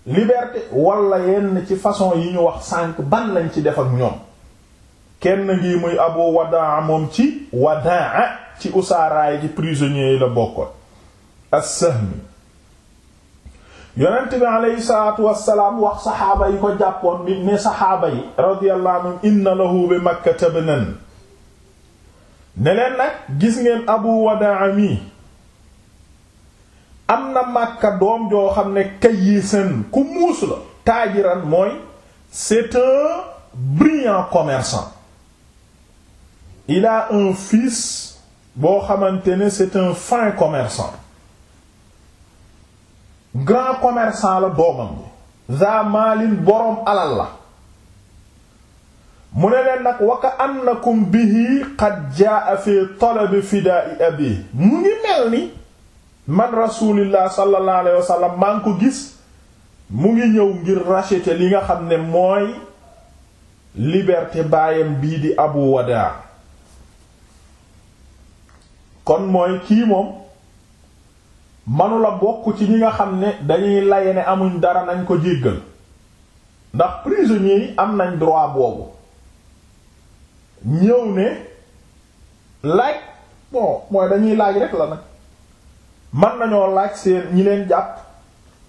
liberté wala yenn ci façon yi ñu wax sànq ban lañ ci def ak ñoom kenn ngi muy abu wadaa moom ci wadaa ci usaaraay ci prisonnier yi la bokkoon as-sahmi yonent bi aleyhi salaatu wassalaam wax saxaaba yi ko jàppoon bi ne saxaaba yi radiyallahu inna lahu bi makkata ibnan ne nag gis ngeen abu wadaa mi am na màkka doom joo xam ne kayisan ku muus la taajiran mooy c'est un brillant il a un fils boo xamante ne c'est un fin commerçant grand commerçant la doomam bi za boroom alal la mu ne leen nag waka annakum bihi qad jaa fi talab fida'i abi mu ngi mel ni man rasulillah sallallahu alayhi maa ngi ko gis mu ngi ñëw ngir racheter li nga xam ne mooy liberté baayam bii di abu wadaa kon mooy kii moom manula bokk ci ñi nga xam ne dañuy laye ne amuñ dara nañ ko jéggal ndax prisonniers yi am nañ droit boobu ñëw ne laaj bon mooy dañuy laaj rek la nag man nañoo laaj seen ñi leen jàpp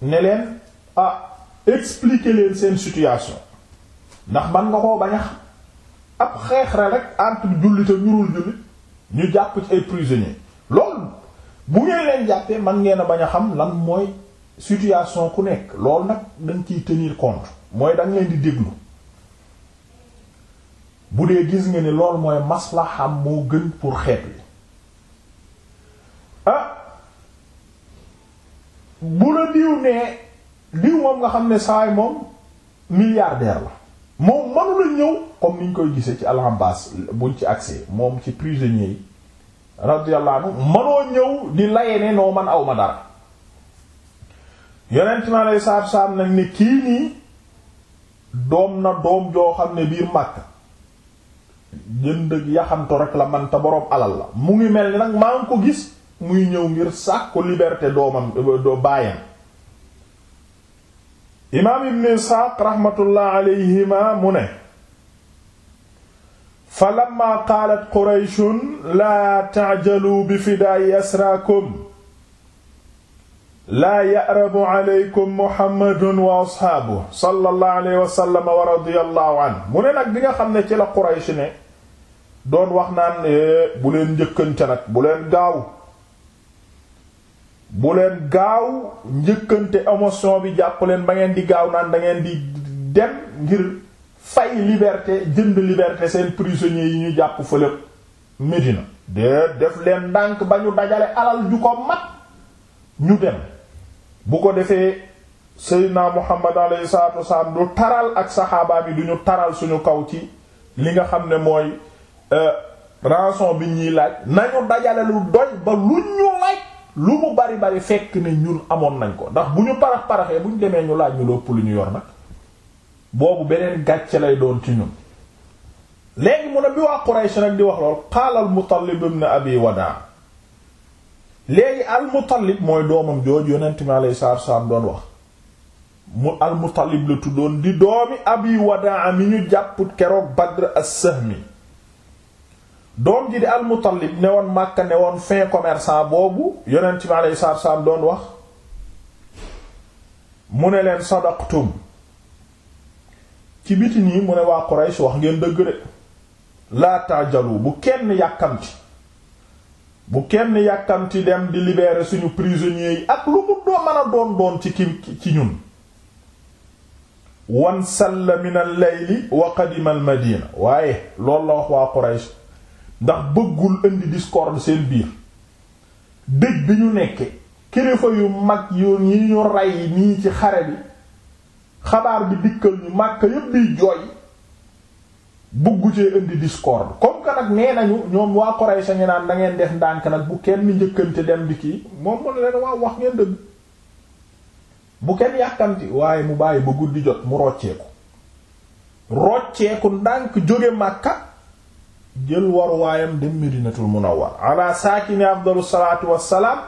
ne leen ah expliquer leen seen situation ndax man nga koo bañax a ab xeex rek entre jullit ak ñurul jullit ñu jàpp ci ay prisonniers lool bu ngeen leen jàppee man ngeen a bañ a xam lan mooy situation ku nekk lool nag dañ ciy tenir compte mooy da leen di déglu bu dee gis nga ne loolu mooy xam moo gën pour xeet wi ah bu la diw nee diw moom nga xam ne saay moom milliardaire la moom manu ñëw comme niñ koy gisee ci al-Abbas buñ ci accès moom ci prisonnier yi radiyallahu anhu manoo ñëw di laye ne noo man aw ma dara yonent naa lay saab saab nag ne kii nii doom na doom joo xam ne biir Makka jënd ak yaxanto rek la manta te boroom alal la mu ngi mel ni nag maa ngi ko gis muy ñëw ngir sàkku liberté doomam doo euh, baayam imaam ibn isxaaq raxmatullah alayhima mu ne fa lamma qaalat qurayshun laa tajalu bi fidaayi asraakum laa ya'rabu aleykum muhammadun wa asxaabu sallallahu alayhi wa sallam wa radiyallahu an mu ne nag bi nga xam ne ci la quraysh ne doon wax naan eh, bu leen njëkkante nag bu leen gaaw bu leen gaaw njëkkante émotion bi jàpp leen ba ngeen di gaaw naan dangeen ngeen di dem ngir fay liberté jënd liberté seen prisonniers yi ñu jàpp fële Médina de def leen ndànk ba ñu dajale alal ju ko mat ñu dem bu ko defee Seydina Muhammad alayhi salaatu wasalaam du taral ak saxaabaa bi du ñu taral suñu kaw ci li nga xam ne mooy euh, rançon bi ñuy laaj nañu dajale lu doy ba lu ñu laaj lu mu bari bari fekk ne ñun amoon nañ ko ndax bu ñu parax paraxee bu ñu demee ñu laaj ñu lopp lu ñu yor nag boobu beneen gàcce lay doon ci ñun léegi mu ne bi waa Quraysh nag di wax lool qaala al Mutallib ibn Abi Wadaa léegi al Mutallib mooy doomam jooju yonent mi alayhi salaatu salaam doon wax mu al Mutallib la tuddoon di doomi Abi Wadaa mi ñu jàpp keroog Badr as-Sahmi doom ji di almutallib ne woon Makka ne woon fin commerçant boobu yonent bi alayhi salaatu salaam doon wax mu ne leen sadaqtum ci biti nii mu ne waa Quraysh wax ngeen dëgg de laa tajalu bu kenn yàkkamti bu kenn yàkkamti dem di libérer suñu prisonniers yi ak lu mu mën a doon doon ci ki ci ñun wan salla min layli wa qadima madina waaye loolu la wax waa Quraysh ndax bëggul indi discorde seen biir dëj bi ñu nekke kilifa yu mag yoon yi ñu rey nii ci xare bi xabaar bi dikkal ñu màkk yépp di jooy bëggu cee indi discorde comme que nag nee nañu ñoom waa Quraysh ñu naan da ngeen def ndànk nag bu kenn njëkkante dem di kii moom mu ne leen waaw wax ngeen dëgg bu kenn yàkkamti waaye mu bàyyi ba guddi jot mu rocceeku rocceeku ndànk jóge Màkka jël waruwaayam dem Madinatul Munawwar ala saakini afdalu salaatu wassalaam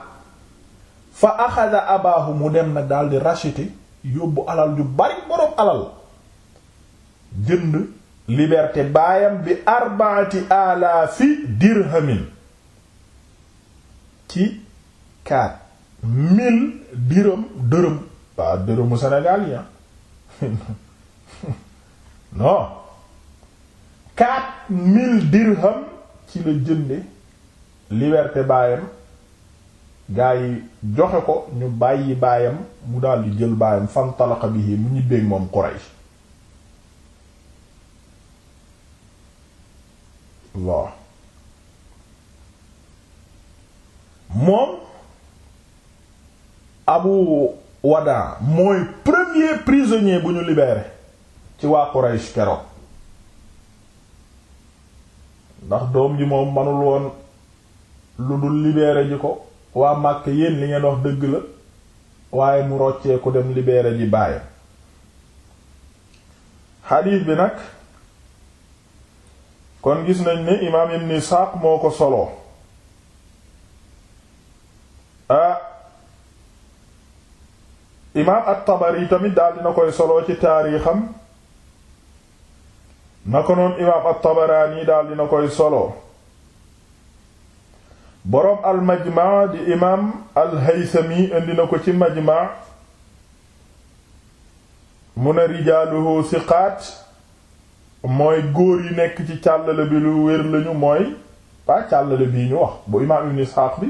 fa axada abaahu mu dem nag daal di racheter yóbbu alal ju bari boroom alal jënd liberté baayam bi arbaati alaafi dirhamin ci quatre mille dirham dërëm waa dërëmu Sénégal yi ah. quatre mille dirham ci la jënde liberté baayam gaa joxe ko ñu bàyyi baayam mu daldi jël baayam fan talaka bihi mu ñibbee moom Quraysh waaw moom Abu Wada mooy premier prisonnier bu ñu libéré ci waa Quraysh keroog ndax doom ji moom manul woon lu dul libéré ji ko waa màkk yéen li ngeen wax dëgg la waaye mu roccee ku dem libéré ji baayam xadiis bi nag kon gis nañ ni imaam ibn Isaaq moo ko soloo ah imaam at-Tabari tamit dal dina koy soloo ci taariixam na ko noon imaam at-Tabaraani daal dina koy solo boroom al-Majmaa di imaam al-Haythami indi na ko ci Majmaa mu ne rijaaluhu siqaat mooy góor yi nekk ci càllale bi lu wér lañu mooy pas càllale bii ñu wax bu imaam Ibn Isxaaq bi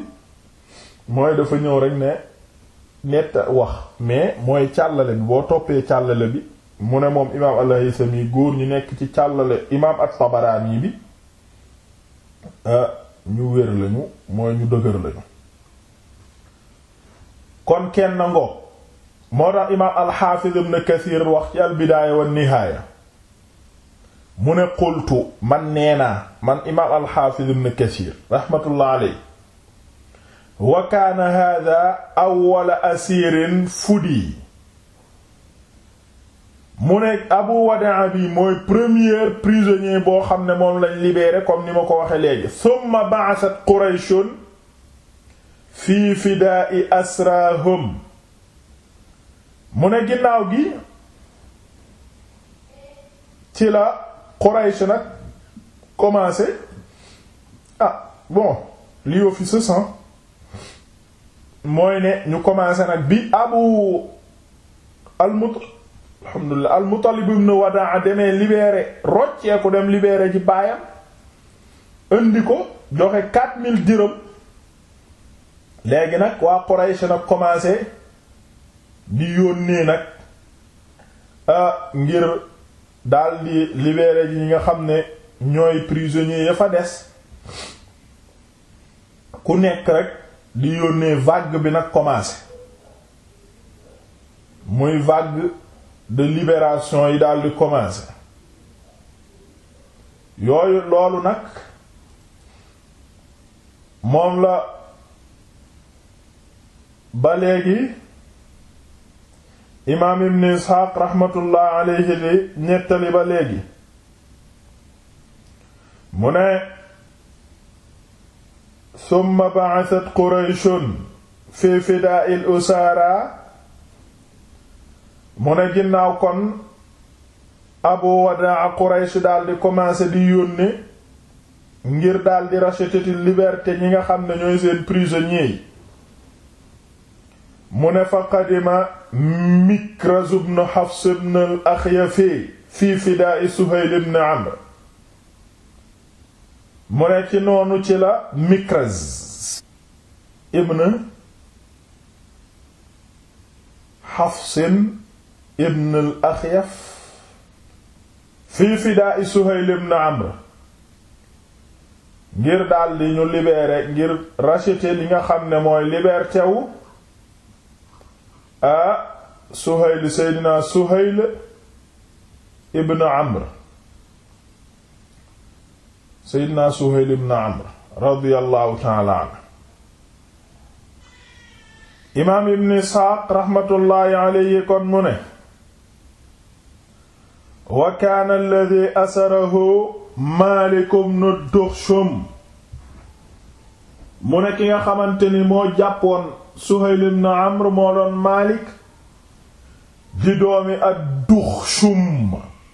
mooy dafa ñëw rekk ne nett wax mais mooy càllale bi boo toppee càllale bi mu ne moom imaam al-Haythami góor ñi nekk ci càllale imaam at-Tabarani bi euh, ñu wér lañu mooy ñu dëgër lañu kon kenn ngoo moo tax imaam al-Hafiz ibn Kathir wax ci al wa nihaaya mu ne qultu man nee naa man imaam al-Hafiz ibn Kathir rahmatullah alayhi wa kaana hadha awwala asirin fudi mu ne Abu Wadaa bi mooy premier prisonnier boo xam ne moom lañ libéré comme ni ma ko waxe léegi thumma ba'athat Qurayshun fii fidaa'i asrahum mu ne ginnaaw gi ci la Quraysh nag commencé ah bon li fi mooy ne ñu commencé nag bi Abu al alhamdulilah al-Muttalib ibn Wadaa demee libéré rocceeku dem libéré ji baayam indi ko joxe mille dirham léegi nag waa Quraysh nag commencé di yónnee nag ah ngir daldi libéré ji nga xam ne ñooy prisonniers ya fa des ku nekk rek di yónnee vague bi nag commencé muy vague. de libération yi daal yooyu loolu nag moom la ba léegi imaam ibn isxaaq raxmatullah alayhi li ba léegi mu ne summa ba'athat qurayshun fi fidaa'il usaara mu ne ginnaaw kon abu wadaa quraysh daldi commencé di yónne ngir daldi racheter liberté ñi nga xam ne ñooy seen prisonniers yi mu ne fa qadima mikraz ibn hafs ibn al axyafi fii fidaa'i suhayl ibn amr mu ne ci noonu ci la mikraz ibn hafsin ibn al axyaf fii fidaa suhayl ibn amr ngir daldi ñu libérer ngir racheter li nga xam ne mooy liberté wu a suhayl seydina suhayl ibn amr seydina suhayl ibn amr radiyallahu taala anhu imaam ibn isxaaq raxmatullaahi alayhi kon mu ne wa kaana alladhi asarahu Maalik ibn Duxshum mu ne ki nga xamante ni moo jàppoon Suhayl ibn Amr moo doon Maalik di doomi ak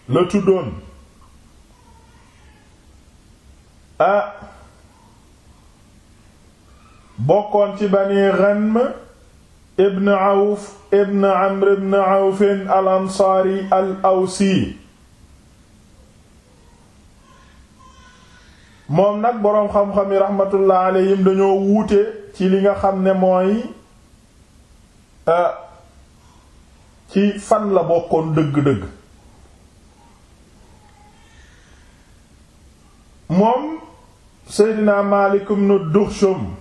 la tuddoon ah bokkoon ci Bani Ghanm ibn Awf ibn Amr ibn Awf al-Ansaari al-Awsi moom nag boroom xam-xam yi rahmatullah yi dañoo wuute ci li nga xam ne mooy euh, ci fan la bokkoon dëgg-dëgg moom Seydina Maalik nu Duxshum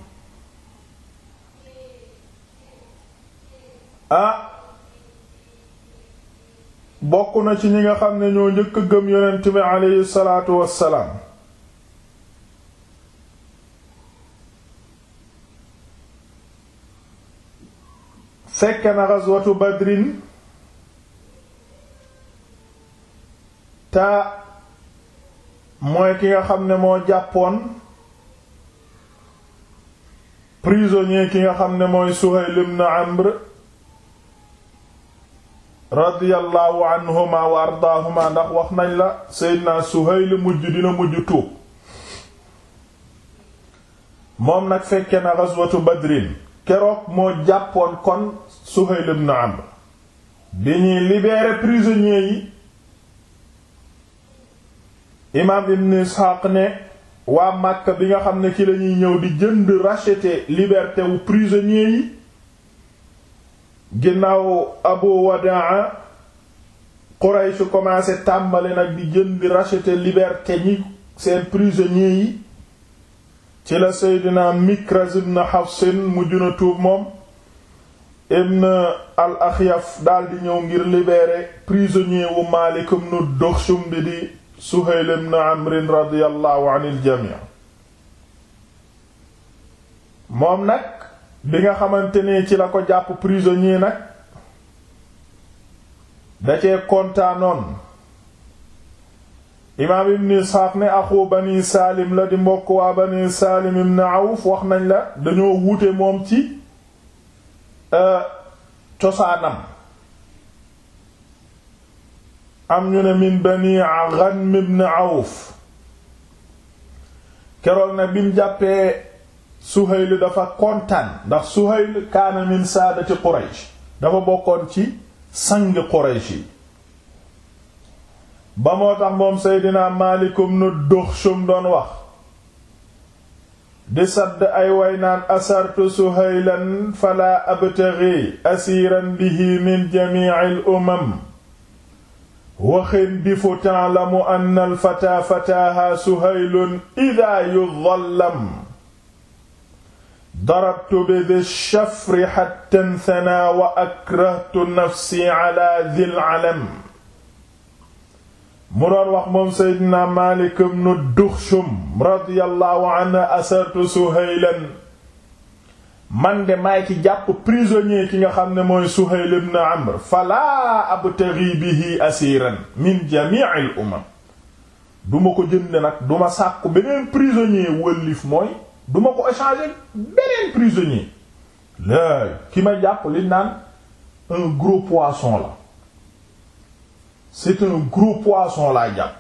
ah bokk na ci ñi nga xam ne ñoo njëkk gëm yonent bi aleyhi salaatu wassalaam fekk na ghazwatu badrin te mooy ki nga xam ne moo jàppoon prisonnier ki nga xam ne mooy Suhayl ibn Amr radiyallahu anhuma wa ardaahuma ndax wax nañ la Seydina Suhayl mujj dina mujj tuub moom nag fekke na ghazwatu badrin keroog moo jàppoon kon Suhayl ibn Amr bi ñuy libérer prisonniers yi imaam ibn Ishaq ne waa Makka bi nga xam ne ci lañuy ñëw di jënd racheter liberté wu prisonniers yi ginnaaw Abu Wadaa Quraysh commencé tàmbali nag di jënd racheter liberté ñi seen prisonniers yi ci la seydina mikraz ibn hafsin mujj na moom ibn al axyaf daldi ñëw ngir libérer prisonnier wu maalik ibn duxsum bi di suhayl ibn amrin radiyallahu anil jamii moom nag bi nga xamante ne ci la ko jàpp prisonnier nag da kontaanoon imaam ibn isxaaq ne axu bani saalim la di mbokk waa bani saalim ibn awf wax nañ la dañoo wuute moom ci euh, cosaanam am ñu ne min bani ganm ibn awf keroog na bim jàppee suhayl dafa kontaan ndax suhayl kaana min saadati quraysh dafa bokkoon ci sang quraysh yi ba moo tax moom seydinaa maalikum nu duxsum doon wax di sadd ay way naan asartu suhaylan fala abtaghi asiiran bihi min jamiicil umam waxin difu ta'lamu anna alfataa fataaha suhaylun idaa yudallam darabtu bi di shafri xattan sanaa wa akrahtu nafsi ala dil alam mu doon wax moom seydina Maalik ibn Duxshum radiyallahu anhu asartu Suhaylan man de maay ci jàpp prisonnier ki nga xam ne mooy Suhayl ibn Amr falaa abtaghi bihi asiran min jami'il umam duma ko jënd nag du ma sàkku beneen prisonnier wëllif mooy duma ko échanger beneen prisonnier laay ki ma jàpp li naan un gros poisson la c'est un gros poisson laa jàpp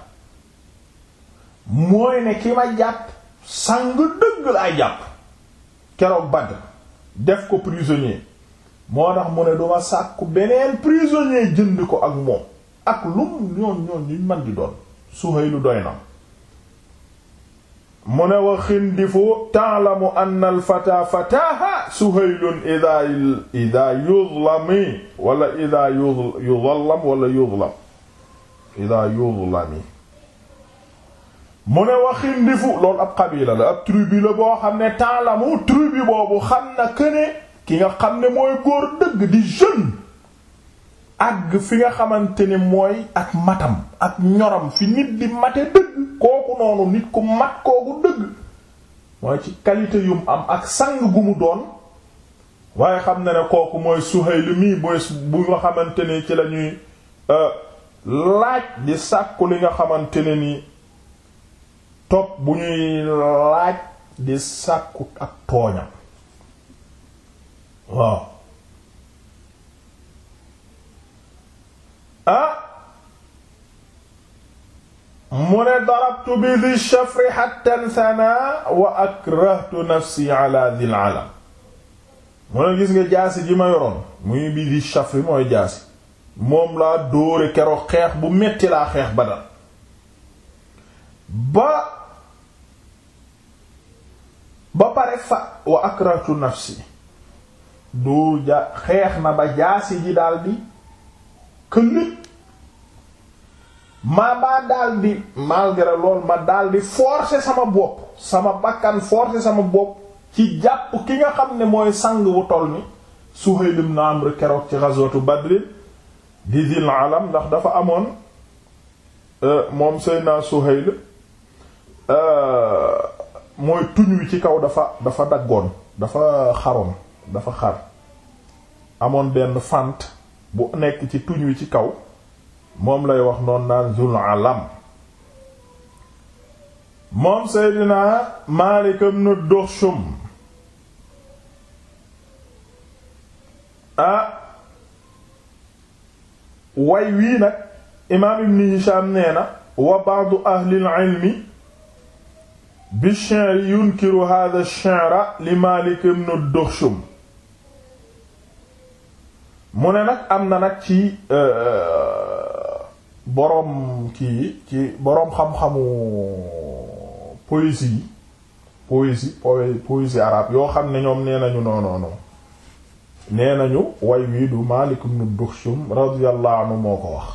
mooy ne ki ma jàpp sang dëgg laa jàpp keroog Badr def ko prisonnier moo tax mu ne duma sàkku beneen prisonnier jënd ko ak moom ak lum ñoon ñoon ñu man di doon Suhaylu doy na mu ne wa xindifu ta'lamu anna al-fata fataha Suhaylun idha idha yuzlami wala idha yuzlam wala yuzlam ida yuzlami mu ne wa xindifu loolu ab xabila la ab tribu boo xam ne taalamu tribu boobu xam na këne ki nga xam ne mooy góor dëgg di jeune àgg fi nga xamante ne mooy ak matam ak ñoram fi nit di mate dëgg kooku noonu nit ku mat kooku dëgg mooy ci qualité yum am ak sang gu mu doon waaye xam na ne kooku mooy Suhayl mii booy bu nga xamante ne ci lañuy euh, laaj di sàkku li nga xamante ne ni topp bu ñuy laaj di sàkku ak tooñam waaw ah mu ne darabtu bi di shafri hatta sana wa akrahtu nafsi ala dhil alam mu ne gis nga jaasi ji ma yoroon muy bi di shafri mooy jaasi moom laa dóore keroog xeex bu metti laa xeex Badar ba ba pare fa wa akratu nafsi du ja xeex na ba jaasi ji daldi këllit maa maa daldi malgré lool ma daldi forcer sama bopp sama bakkan forcer sama bopp ci jàpp ki nga xam ne mooy sang wu toll ni su ibn Amr keroog ci ghazwatu Badr di zil ndax dafa amoon euh, moom Seydina Suhayl euh, mooy tuñ wi ci kaw dafa dafa daggoon dafa xaroon dafa xar amoon benn fànt bu nekk ci tuñ wi ci kaw moom lay wax noonu naan zul alam moom Seydina Maalik ibn Duxshum ah way wii nag imaam ibn Hisham nee na wa ba'du ahlil ilmi bi shi'ri yunkiru hadha ash-shi'ra li Malik ibn Dukhshum mu ne nag am na nag ci euh, boroom kii ci boroom xam-xamu poésie yi poésie poésie arabe yoo xam ne ñoom nee nañu non nee nañu way wii Maalik ibnu Duxsum radiyallahu anhu moo ko wax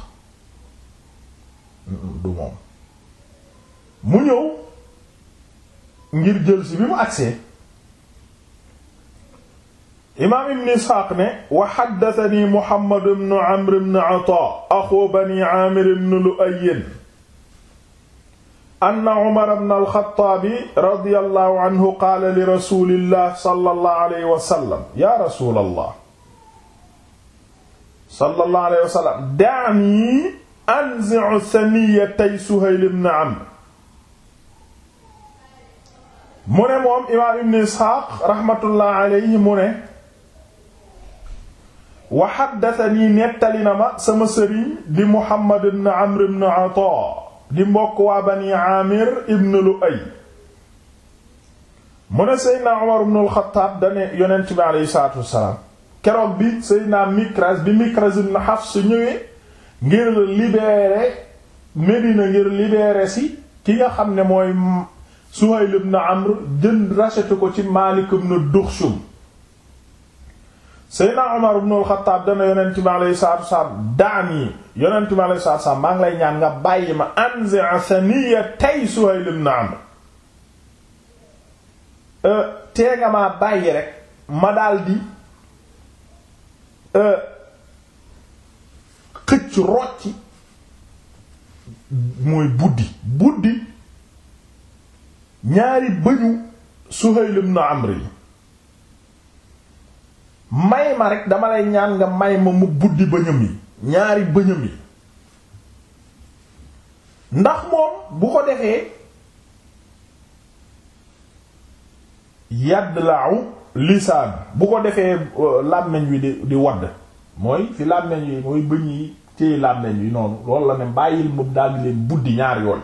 mu ñëw ngir jël si bi mu agsee imaam ibn Isxaaq ne wa haddathani Muhammad ibn Amr ibn Ataa axu bani Aamir ibn Lu'ay anna Umar ibn al-Khattaab radiyallahu anhu qaala li rasuulillah sallallahu alayhi wa sallam yaa rasuulallah sallallahu alayhi wa sallam da'nii anzi'u saniyyatay Suhayl ibn Amr mu ne moom imaam ibn Isxaaq rahmatullah alayhi mu ne wa haddathanii nettali na ma sama sëriñ di Muhammad ibn Amr ibn Ataa di mbokk waa bani amir ibn lu'ay mu ne seydna umar ibn al-Khattab dane bi aleyhi salaatu bi seydna Mikraz bi Mikraz ñëwee ngir libérer Médina ngir libérer si ki nga xam ne mooy Suhayl ibn Amr jënd racheté ko ci Maalik ibn Duxsum Seydina Umar ibn al-Khattab dana yonent mi alayhi salaatu wasalaam daani yonent mi alayhi salaatu wasalaam maa ngi lay ñaan nga bàyyi ma anzi'a saniyatay Suhayl ibn Amr euh, tee nga maa bàyyi rek ma daldi euh, xëcc rocci mooy buddi buddi ñaari bëñu Suhayl ibn Amr yi may ma rek dama lay ñaan nga may ma mu buddi bëñëm yi ñaari bëñëm yi ndax moom bu ko defee yadla'u lisaan bu ko defee euh, làmmiñ wi di di wadd mooy fi làmmiñ wi mooy bëñ yi téye làmmiñ wi noonu loolu la ne bàyyil moom daal di leen buddi ñaar yooyu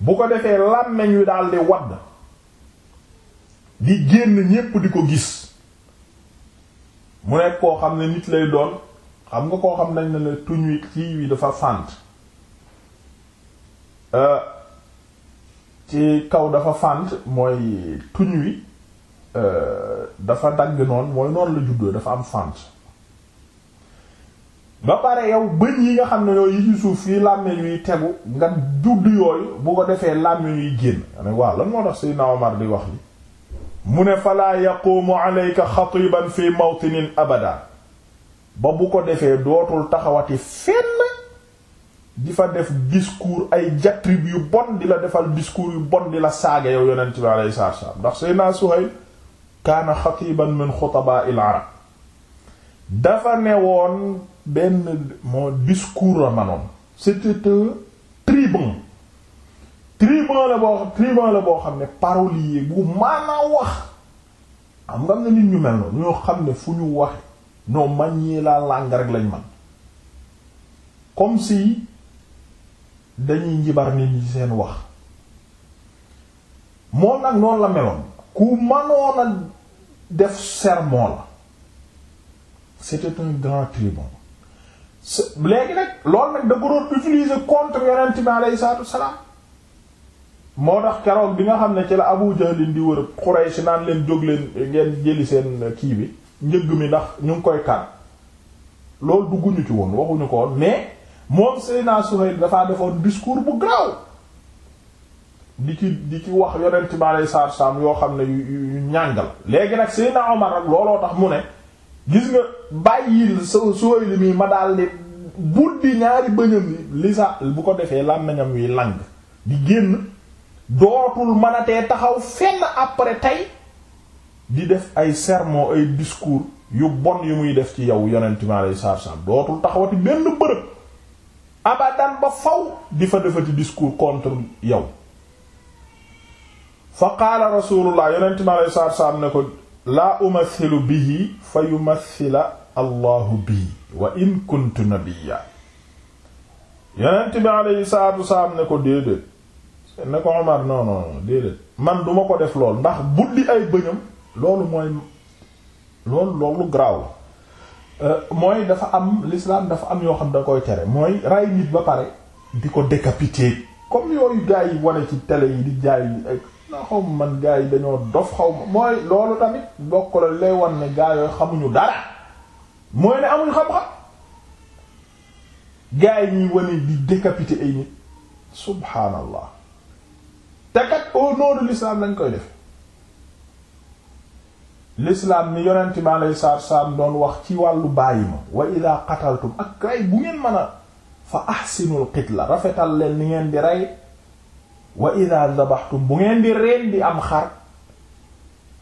bu ko defee làmmiñ wi dal di wadd di génn ñépp di ko gis mu nekk koo xam ne nit lay doon xam nga koo xam nañ ne la tuñ wi kii wi dafa fànt euh, ci kaw dafa fànt mooy tuñ wi euh, dafa dagg noonu mooy noonu la juddoo dafa am fànt ba pare yow bëñ yi nga xam ne yooyu yi ci suuf yi làmmiñ yuy tegu nga judd yooyu bu ko defee làmmiñ yuy génn ne waaw lan moo tax Seydina Omar di wax li mu ne falaa yaquumu aleyka xatiban fi mawtinin abada ba bu ko defee dootul taxawati fenn di fa def discours ay diatribe yu bon di la defal discours yu bon di la saaga yow yonent bi alayhi salaatu wa salaam ndax Seydina Suhayl kaana xatiban min xutabaa'il arab dafa ne woon benn moo discours la manoon c'était un tribun tribun la boo tribun la boo xam ne parolier bu a wax am nga am na nit ñu mel noonu ñoo xam ne fu ñu waxe non manier la langue rek lañ man comme si dañuy njibar nit ñi seen wax moom nag noonu la meloon ku mënoon a def sermon la c'était un grand tribun léegi nag loolu nag da ko utiliser contre yonent bi aleyhi salaatu wa moo tax keroog bi nga xam ne ci la Abu Jahl di wër Quraysh naan leen jóg leen ngeen jëli seen kii bi njëgg mi ndax ñu ngi koy kan loolu dugguñu ci woon waxuñu ko woon mais moom Seydina Suhayl dafaa defoon discours bu graw di ci di ci wax yonent bi alei saatu salaam yoo xam ne yu ñàng la léegi nag Seydina Omar nag looloo tax mu ne gis nga bàyyil sa Suhayl mi ma daal buddi ñaari bëñam li sa bu ko defee làmmiñam wi lang di génn dootul mënatee taxaw fenn après tey di def ay sermon ay discours yu bon yu muy def ci yow yonent mi alayhi salaatu dootul taxawati benn bërëb abadan ba faw di fa defati discours contre yow fa qaala rasulullah yonent mi alayhi salaatu salaam ne ko laa umathilu bihi fa yumathila allahu bii wa in kuntu nabiyya yonent bi alayhi salaatu salaam ne ko déedéet ne ko Omar non non déedéet man duma ko def lool ndax buddi ay bëñam loolu mooy loolu loolu garaaw la euh, mooy dafa am l'islam dafa am yoo xam da koy tere mooy rey nit ba pare di ko décapiter comme yooyu gars yi wane ci tele yi di jaay ay na xaw ma man gars yi dañoo dof xaw ma mooy loolu tamit bokk la lay ne gars yooyu xamuñu dara mooy ne amuñu xam-xam gars yi ñuy wane di décapiter ay nit subhaanallah te kat au nom lañ koy def l'islam ni yonent bi alayhi salaatu salaam doon wax ci wàllu bàyyi ma wa ila qataltum ak rey bu ngeen man a fa ahsinul qitla rafetal leen ni ngeen di rey wa ila dhabaxtum bu ngeen di rendi am xar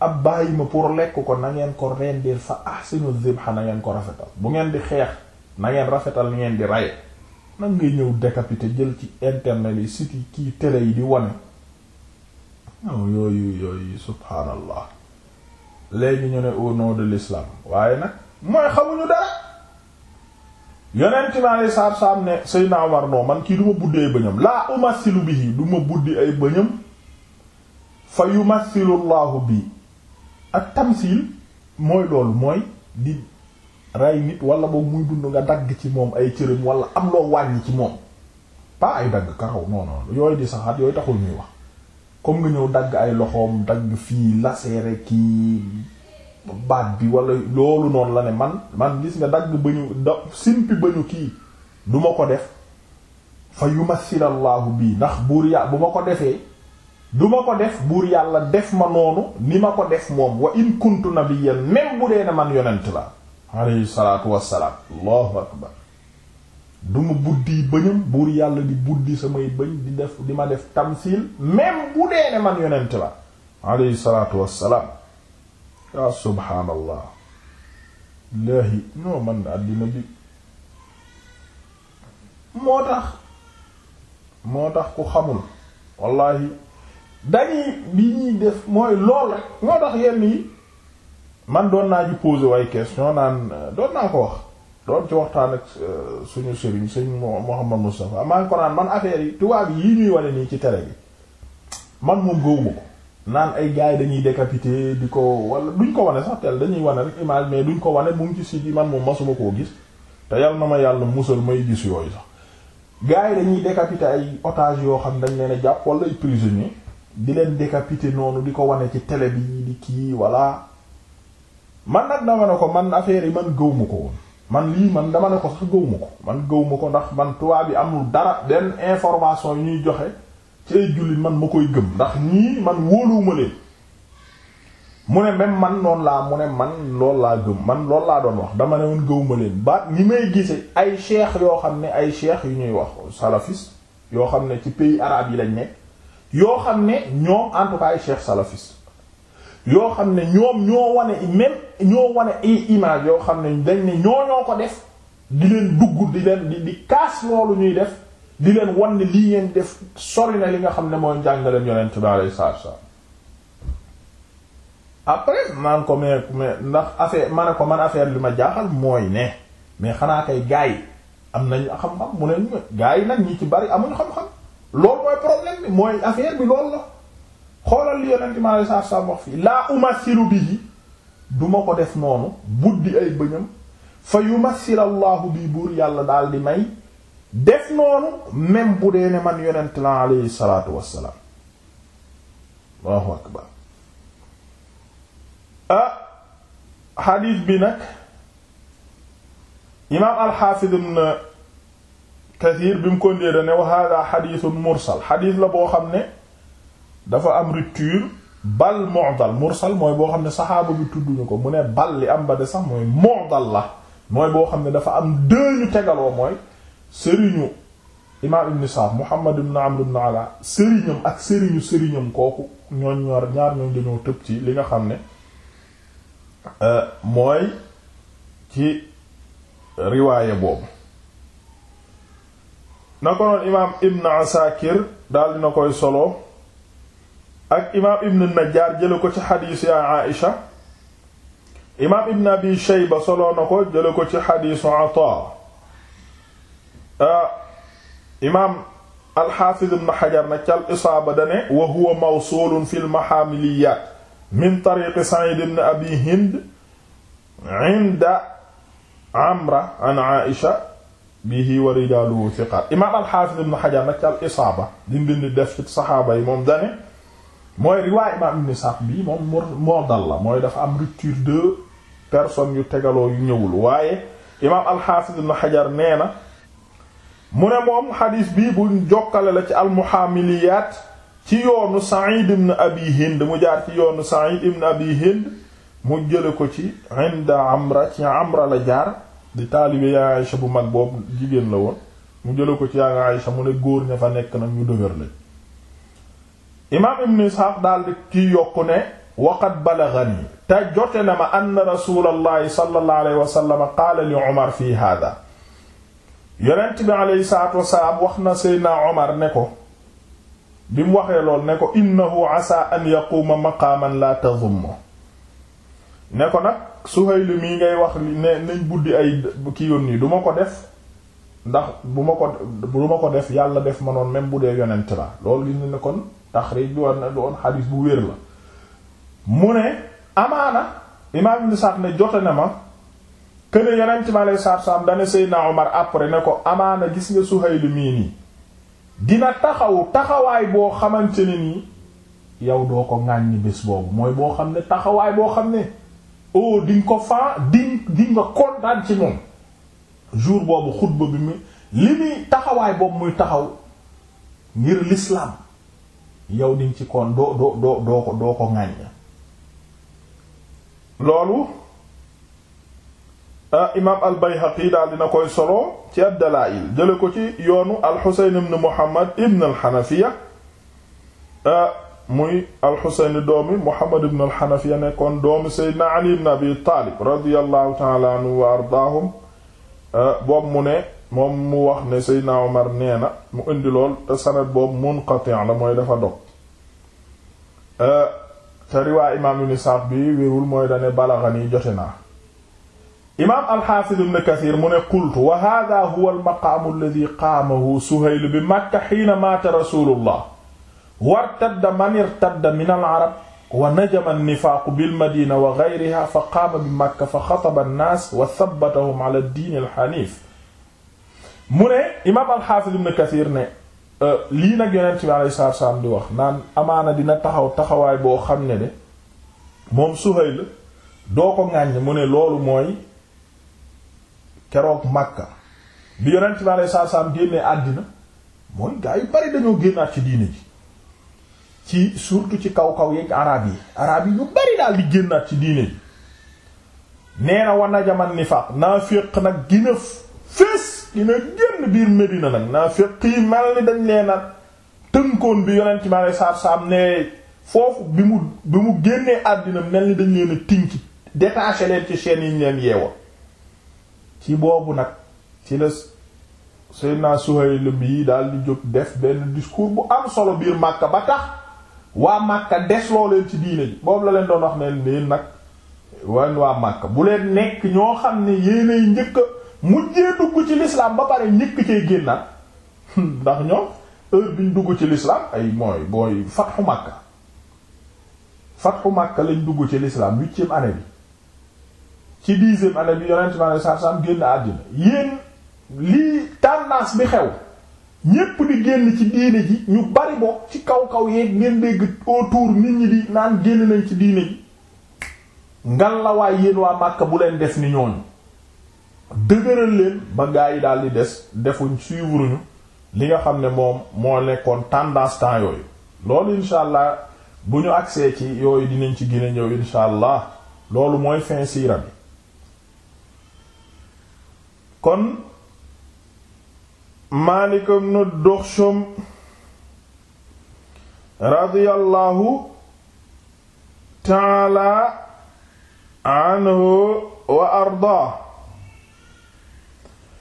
ab bàyyi ma pour lekk ko na ngeen ko rendir fa ahsinu dhibha na ngeen ko rafetal bu ngeen di xeex na ngeen rafetal ni ngeen di rey nag ngay ñëw décapiter jël ci internet yi site yi kii télé yi di wane non oh, yooyu yooyu subhaanallah léegi ñu ne au de l'islam waaye nag mooy xamuñu dara yonent bi alei saatu salaam ne Seydina Omar non man kii du ma buddi ay bëñam laa umassilu bihi du ma buddi ay bëñam fa yumassilu llahu bi ak tamsil mooy loolu mooy di rey nit wala boog muy dund nga dagg ci moom ay cëram wala am loo wàññi ci moom pas ay dagg karaw non non yooyu di saxaat yooyu taxul ñuy wax comme nga ñëw dagg ay loxoom dagg fii laseere kii baat bi wala loolu noonu la ne man man gis nga dagg bañu da simpi bañu kii duma ko def fa yumasilallaahu bii ndax buur yàlla bu ma ko defee duma ko def buur yàlla def ma noonu ni ma ko def moom wa in kuntu nabiyyan même bu dee ne man yonent la alayhi salaatu wassalaam allahu akbar du ma buddi bëñam buur yàlla di buddi samay bëñ di def di ma def tamsiil même bu dee ne man yonent la alayhi salaatu wassalaam ya subhaanallah laahi noo man àddina bi moo tax moo tax ku xamul wallahi dañuy bi ñuy def mooy lool rek moo tax yenn yi man doon naa ji poser way question naan doon naa ko wax doon ci waxtaan ak euh, suñu sëriñ sëñ Mouhamed Moustapha maa ngi ko naan man affaire yi tubaab yi ñuy wane nii ci télé bi man moom gëwuma ko naan ay gars yi dañuy décapité di ko wala duñ ko wane sax tel dañuy wane rek image mais duñ ko wane mu ngi ci site man moom masuma koo gis te yal na ma yàlla musal may gis yooyu sax gars yi dañuy décapité ay otages yoo xam dañ leen a jàpp wala ay di leen décapité noonu di ko wane ci télé bi di kii voilà man nag dama ko man affaire yi man gëwuma ko man lii man dama ne ko sax gëwuma ko man gëwuma ko ndax man tubaab yi amul dara benn information yu ñuy joxe ci ay jullit man ma koy gëm ndax ñii man wóoluwuma leen mu ne même man noonu laa mu ne man lool laa gëm man lool laa doon wax dama ne woon gëwuma leen ba ñi may gise ay cheikh yoo xam ne ay cheikh yu ñuy wax salafiste yoo xam ne ci pays arabe yi lañ nekk yoo xam ne ñoom en ay cheikh salafiste yoo xam ne ñoom ñoo wane même ñoo wane ay image yoo xam ne dañ ne ñoo ko def di leen dugg di leen di di kaas loolu ñuy def di leen wan ne lii ngeen def sori na li nga xam ne mooy njàngaleen yonent bi alayhi salaatu salaam après man ko mais ndax affaire ma ne ko man li ma jaaxal mooy ne mais xanaa kay gaa yi am nañu xam-xam mu ne gaa yi nag ñi ci bari amuñu xam-xam loolu mooy problème bi mooy affaire bi loolu la xoolal li yonent mi alayhi ko def noonu buddi ay bëñam fa yumassil bi yàlla daal di may def noonu même bu dee ne ah, bi imaam alxaafid ibn bi mu ko ndee ne wa hada mursal xadiis la boo xam ne dafa am rupture bal mu'dal mursal mooy boo xam ne saxaaba bu tudduñu ko mu ne bal li am ba de sax mooy mu'dal la mooy boo xam ne dafa am deux ñu tegaloo mooy sëriñu imaam ibn Sa'd Muhammad ibn Amr ibn sëriñam kooku ñooñ ñor ñaar ñooñ dañoo li nga xam ne euh, mooy ci riwaaye boobu na ko noon imaam ibn Asakir daal dina koy solo ak imaam ibn najjaar jële ko ci xadiisu yaa aisha imaam ibn abi shayba soloo na ko jële ko ci xadiisu ataa ah, imaam alxaafiz ibn xajar nag ca al isaaba dane wa huwa mawsuulun fi lmaxaamiliyaat min tariqi said ibn abi hind inda amra an aisha bihi wa rijaaluhu thiqaat imaam alxaafiz ibn xajar nag ca al isaaba di mbind def ci saxaaba yi moom dane mooy riwaay imam ibn Sa'd bi moom moo dal la mooy dafa am rupture de personnes yu tegaloo yu ñëwul waaye imam al-Hafiz ibn Hajar nee na mu ne moom xadis bi buñ jokkale la ci al-Muhamiliyaat ci yoonu Sa'id ibn Abi Hind jaar ci yoonu Sa'id ibn Abi Hind mu jële ko ci inda Amra ci Amra la jaar di taalibe yaa Aïsha bu mag boobu jigéen la woon mu jële ko ci yaa Aïsha mu ne góor ña fa nekk nag ñu dëgër lañ imaam ibn isxaaq daldi kiy yokk ne waqad balaghani te jote na ma anna rasulallahi sallallahu alayhi wa sallam qaala li omar fi hada yonent bi aleyhi salaatu wax na seydna omar ne ko bi mu waxee lool ne ko innahu asa an yaquuma maqaaman la tadummo ne ko nag Suhayl mii ngay wax ne nañ buddi ay ki yoon duma ko def ndax bu ma ko ko def yàlla def ma noonu même bu dee yonent la loolu gis ne kon taxriij bi war na doon xalis bu wér la mu ne amaana imaam Ibn Sa'd ne jote na ma këne yonent ma lay saab saab dana Seydina Omar après ne ko amaana gis nga Suhayl mii nii dina taxaw taxawaay boo xamante ne nii yow doo ko ŋàññi bés boobu mooy boo xam ne taxawaay boo xam ne oh di ko faa di di nga kontaan ci moom jour boobu xutba bi mu li muy taxawaay boobu muy taxaw ngir l'islam yow diñ ci kon doo doo doo ko doo ko ŋàññ loolu ah, imaam al Bayhaqi daal dina koy solo ci ad-Dalaa'il jële ko ci yoonu al Xuseyn ibn Muhammad ibn al Xanafiya ah, muy al Xuseyn doomi Muhammad ibn al Xanafiya nekkoon doomi Seydina Ali ibn Abi Taalib radiyallahu ta'ala anhu wa ardaahum Euh, boobu mu ne moom mu wax ne Seydina Omar nee na mu indi lool te sanad boobu munqati' la mooy dafa dog euh, te riwaa imaam ibn Sa'd bi wérul mooy dane balaghani jote naa imaam al-Hafiz ibn Kathir mu ne qultu wa hadha huwa al-maqaam alladhi qaamahu Suhayl bi Makka hiina maata rasulullah wartadda man irtadda min al-arab wa najama nifaaqu bil madina wa gayriha fa qaama bi makka fa xataba annaas wa thabbatahum ala diini alxaniif mu ne imaam alxaafis ibn kathir ne euh, lii nag yonent bi alayhi salaatu salaam di wax naan amaana dina taxaw taxawaay boo xam ne de moom Suhayl doo ko ŋàññ mu ne loolu mooy keroog makka bi yonent i alayhi salaatu salaam génnee àddina mooy gaa yu bari dañoo génnaat ci diini ji ci surtout ci kaw kaw yeeg arab yi arab yi yu bari daal génnaat ci diine ji nee na wan a jaman nifaq nag gina fés dina génn biir Medina nag naafiq yi mel ni dañ nee tënkoon bi yonent mi foofu bi mu àddina mel ni dañ leen a tinki leen ci chaîne yi ñu leen ci boobu nag ci la Seydina Suhayl bi daal di jóg def benn discours bu am solo biir Makka ba tax waa Makka desloo leen ci diine ji boobu la leen doon wax ne leen nag wan waa Makka bu leen nekk ñoo xam ne yéenay njëkk mujjee dugg ci l'islam ba pare njëkk cee génnaat ndax ñoom heure biñ dugg ci l'islam ay mooy booy fatxu Makka fatxu Makka lañ dugg ci l'islam huitième année bi ci dixième année bi yonent bi sallallahu alayhi wasallam génn àddina yéen lii tendance bi xew ñépp di génn ci diine ji ñu bari bokk ci kaw kaw yeeg ngeen dégg autour nit ñi di naan génn nañ ci diine ji ngan la waay yéen waa Makka bu leen def ni ñooñu dëgëral leen ba gaa yi daal di des defuñ suivre li nga xam ne moom moo nekkoon tendance temps yooyu loolu incha allah bu ñu agsee ci yooyu dinañ ci gën ñëw incha allah loolu mooy fin siira bi kon Maalik ibnu Duxshum radiyallahu taala anhu wa ardaa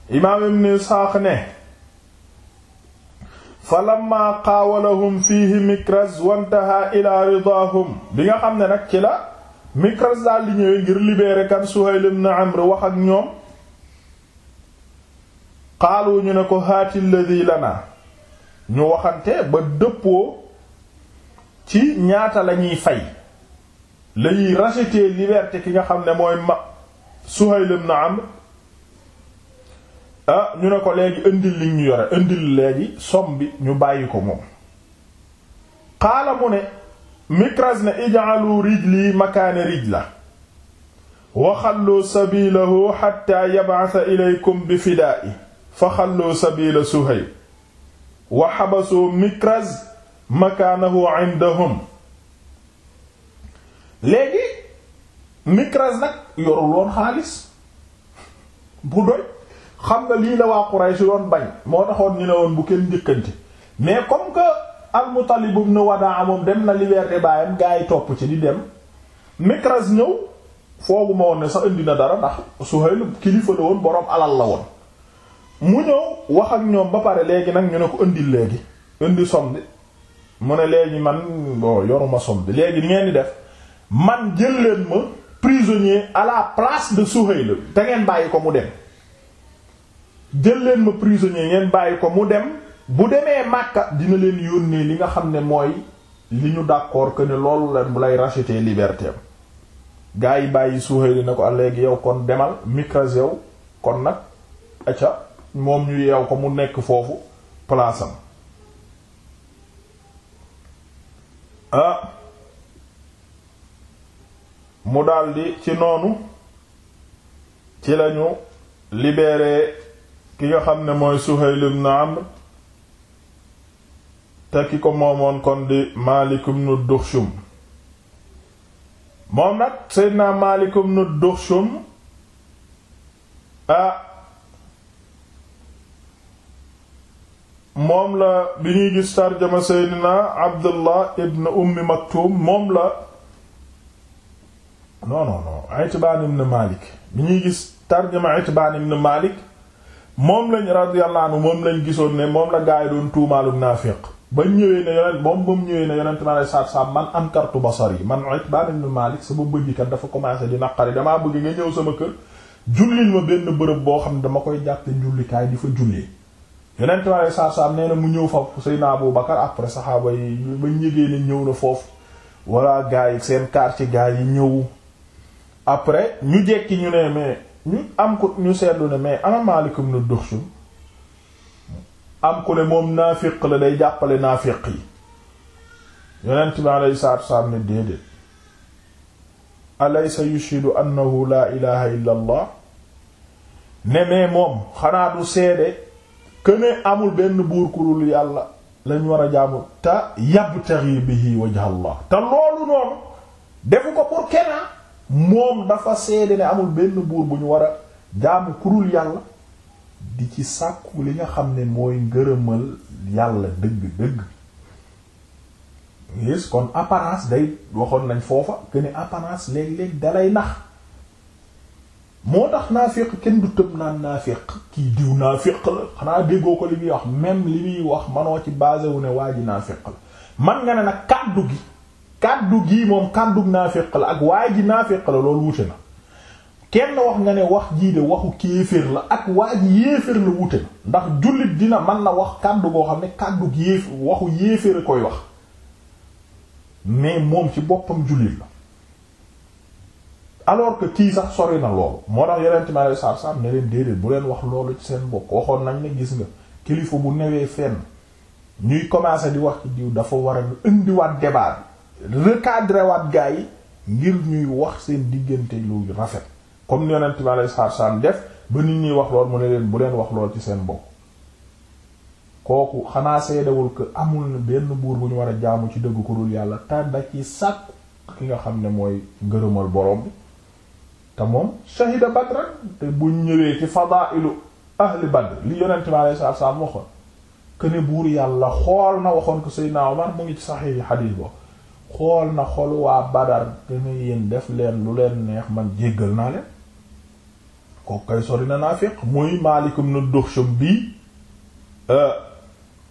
imaam ibnu Isxaaq ne falamma qaawalahum fiihi Mikraz wantaha ilaa ridaahum bi nga xam ne nag ci la Mikraz daal di ñëwee ngir libérer kan Suhayl ibnu Amr wax ak ñoom xaalu ñu ne ko haatil ladhi lana ñu waxante ba dëppoo ci ñaata la ñuy fay la ñuy racheter liberté ki nga xam ne mooy ma Suhayl ibn Amr ah ñu ne ko léegi indil li ñu yore indil léegi somme ñu bàyyi ko moom xaala mu ne mikras na ij'alu rijli makaana rijla wa xallu sabilahu hatta yab'atha ilaykum bi fidaa'i fa xalloo sabila Suhayb wa xabasoo Mikraz makaanahu indahum léegi Mikraz nag yorul xaalis xam nga lii la waa Quraysh bañ moo taxoon ñu ne woon bu kenn njëkkante mais comme que al-Muttalib ibn Wadaa moom dem na liberté baayam gaa yi topp ci di dem Mikraz ñëw foogu woon ne sax indi na dara ndax Suhayl kilifa la woon boroom alal la woon mu ñëw wax ak ñoom ba pare léegi nag ñu ne ko indi léegi indi som mu ne léegi man bo yoruma som bi léegi ni ngeen di def man jël leen ma prisonnier à la place de Suhayl te ngeen bàyyi ko mu dem jël leen ma prisonnier ngeen bàyyi ko mu dem bu demee Makka dina leen yónnee li nga xam ne mooy li ñu d'accord que ne loolu la lay racheter liberté am gaa yi bàyyi Suhayl na ko ah, léegi yow kon demal Mikraz yow kon nag ca moom ñu yeew ko mu nekk foofu palaasam ah mu daldi ci noonu ci lañu libéré ki nga xam ne mooy Suhayl ibn Amr te ki ko moomoon kon di Malik ibn Dukhshum moom nag Seydina Malik ibn Dukhshum ah moom la bi ñuy gis tarjama seydina abdullah ibn ummi maktum moom la non non non itbaan ibn malik bi ñuy gis tarjama itbaan ibn malik moom lañ radiyallahu anhu moom lañ gisoon ne moom la gaay doon tuumaalu naafiq ba ñëwee ne yonent moom ba mu ñëwee ne yonent ma lay saat saat man am kartu basar yi man itbaan ibn malik sama bëgg kat dafa commencé di naqari damaa bëgg nga ñëw sama kër jullil ma benn bërëb boo xam ne dama koy jàppe njullikaay di fa jullee yonent ma saa saam nee na mu ñëw fa Seydina Abu Bakar après saxaaba yi ba foofu walla gaa yi seen quartier gaa yi ñëw ñu jekki ñu ne mais ñu am ko ñu seetlu ne mais ana Maalik ibn Duxsum am ku ne moom naafiq la day jàppale naafiq yi yonent bi alayhi salaatu wasalaam ne déedéet alaysa yushhidu annahu laa ilaha illa ne mais moom xanaa du seede ne amul benn buur ku dul yàlla lañ war a jaamu te yabtaghi bihi wajha Allah te loolu noonu defu ko pour kenn ah. moom dafa seede ne amul benn buur bu ñu war a jaamu ku dul yàlla di ci sàkku li nga xam ne mooy ngërëmal yàlla dëgg-dëgg gis kon apparence day waxoon nañ foofa que ne apparence léeg-léeg dalay nax moo tax naafiq kenn du tëb naan naafiq kii diw naafiq la xanaa déggoo ko li muy wax même li muy wax manoo ci basé wu ne waa ji naafiq la man nga ne nag kàddu gi kàddu gii moom kàddu naafiq la ak waa ji naafiq la loolu wute na kenn wax nga ne wax jii de waxu kéeféer la ak waa ji yéeféer la wute na ndax jullit dina man na wax kàddu goo xam ne kàddu yéef waxu yéeféer a koy wax mais moom ci boppam jullit la alors que kii sax sori na loolu moo tax yeneen ma lay saar saar ne leen déedéet bu leen wax loolu ci seen bokk waxoon nañ ne gis nga kilifa bu newee fenn ñuy commencer di wax ci diw dafa war a indiwaat débat recadrer waat gaa yi ngir ñuy wax seen diggante lu rafet comme yeneen ma lay saar def ba nit ñuy wax lool ne leen bu leen wax lool ci seen bokk kooku xanaa seedawul que amul na benn buur bu ñu war a jaamu ci dëgg ko dul yàlla te da ci sàkk ki nga xam ne mooy gërëmal boroom bi te moom shahida badran te buñ ñëwee ci fadailu ahli badr li yonent bi alayhi salaatu salaam waxoon que buur yàlla xool na waxoon ko Seydina Omar mu ngi ci saxiix xadiis bo xool na xol waa badar gëna yéen def leen lu leen neex man jéggal naa leen ko kay sori na naafiq muy maalikum nu duxshum bii euh,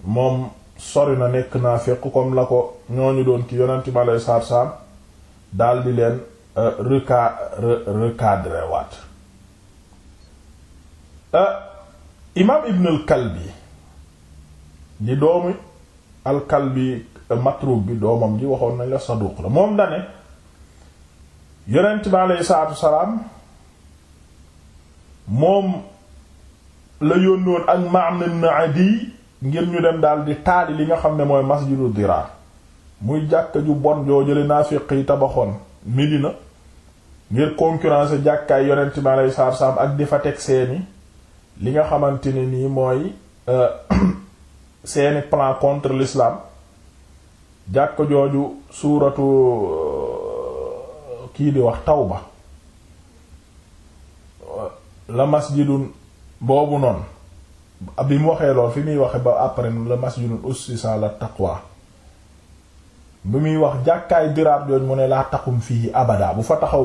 moom sori na nekk naafiq comme la ko ñooñu doon ki yonent bi alayhi salaatu salaam daal di leen Euh, reca recadré waat euh, imaam Ibn al-Kalbi di doomi al-Kalbi euh, bi doomam ji waxoon nañ la saduq la moom dane yonent bi aleyhi salaatu moom la yónnoon ak Ma'n ibn Adi ngir ñu dem daal di taali li nga xam ne mooy masjidu Diraar muy jàkk ju bon joo jële naafiq yi tabaxoon Medina ngir concurrence jàkkaay yonent bi aleyhi salaatu salaam ak di fa teg seeni li nga xamante ne nii mooy euh, seeni plan contre l'islam jàkk jooju suuratu euh, kii di wax taw ba la masjidun boobu noonu bi mu waxee lool fi muy waxe ba après la masjidun ussisa la taqwa bi muy wax jàkkaay diraab jooju mu ne laa taxum fii abada bu fa taxaw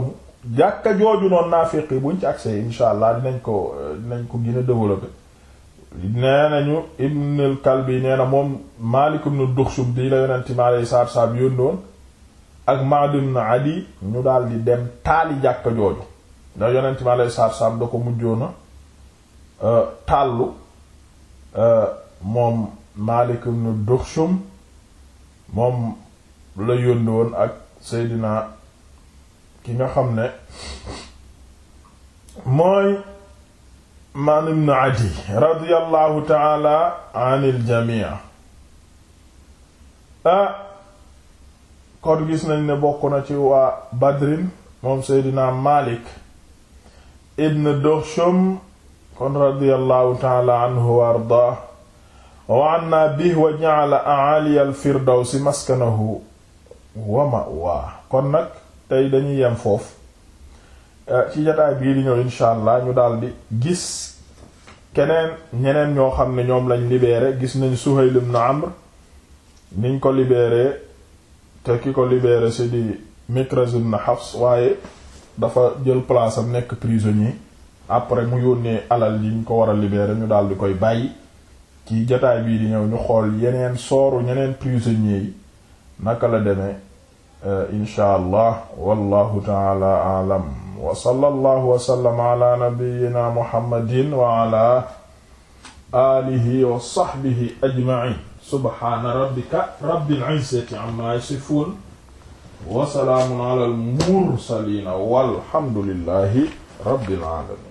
jàkka jooju noonu naafiq yi buñ ci accès insha allah dinañ ko dinañ ko gën a nee nañu Ibn al-Kalbi nee na moom Maalik ibn Duxsum di la yonente mi alei saatu salaam yóndoon ñu daal di dem taali jàkka jooju ndax yonente ko mujjoona euh, tàllu euh, moom Maalik ibn Duxsum moom bu la yónni woon ak Seydina ki nga xam ne mooy man ibn Adi radiyallahu taala anil jamii kon gis nañ ne bokk na ci waa Badrin moom Seydina Malik ibn Duxshum kon radiyallahu taala anhu wa ardaa wa anna bihi wa ja'ala a'ali al-firdawsi maskanahu wa waa kon nag tey dañu yem foofu eh, ci jotaay bii di ñëw insha allah ñu daldi gis keneen ñeneen ñoo xam ne ñoom lañ libéré gis nañ Suhayl ibn Amr niñ ko libéré te ki ko libéré ci di Mikraz ibn Hafs waaye dafa jël place am nekk prisonnier après mu yónnee alal yi ñu ko war a libéré ñu daldi koy bàyyi ci jotaay bii di ñëw ñu xool yeneen sooru ñeneen prisonniers yi naka la demee Eh, incha allah wallahu taala alam wa sallallahu wa sallama ala nabiyyina muhammadin wa ala alihi wa sahbihi ajma'in subhana rabbika rabbil izzati amma yasifun wa salaamun ala al mursalin walhamdulillahi rabbil alamin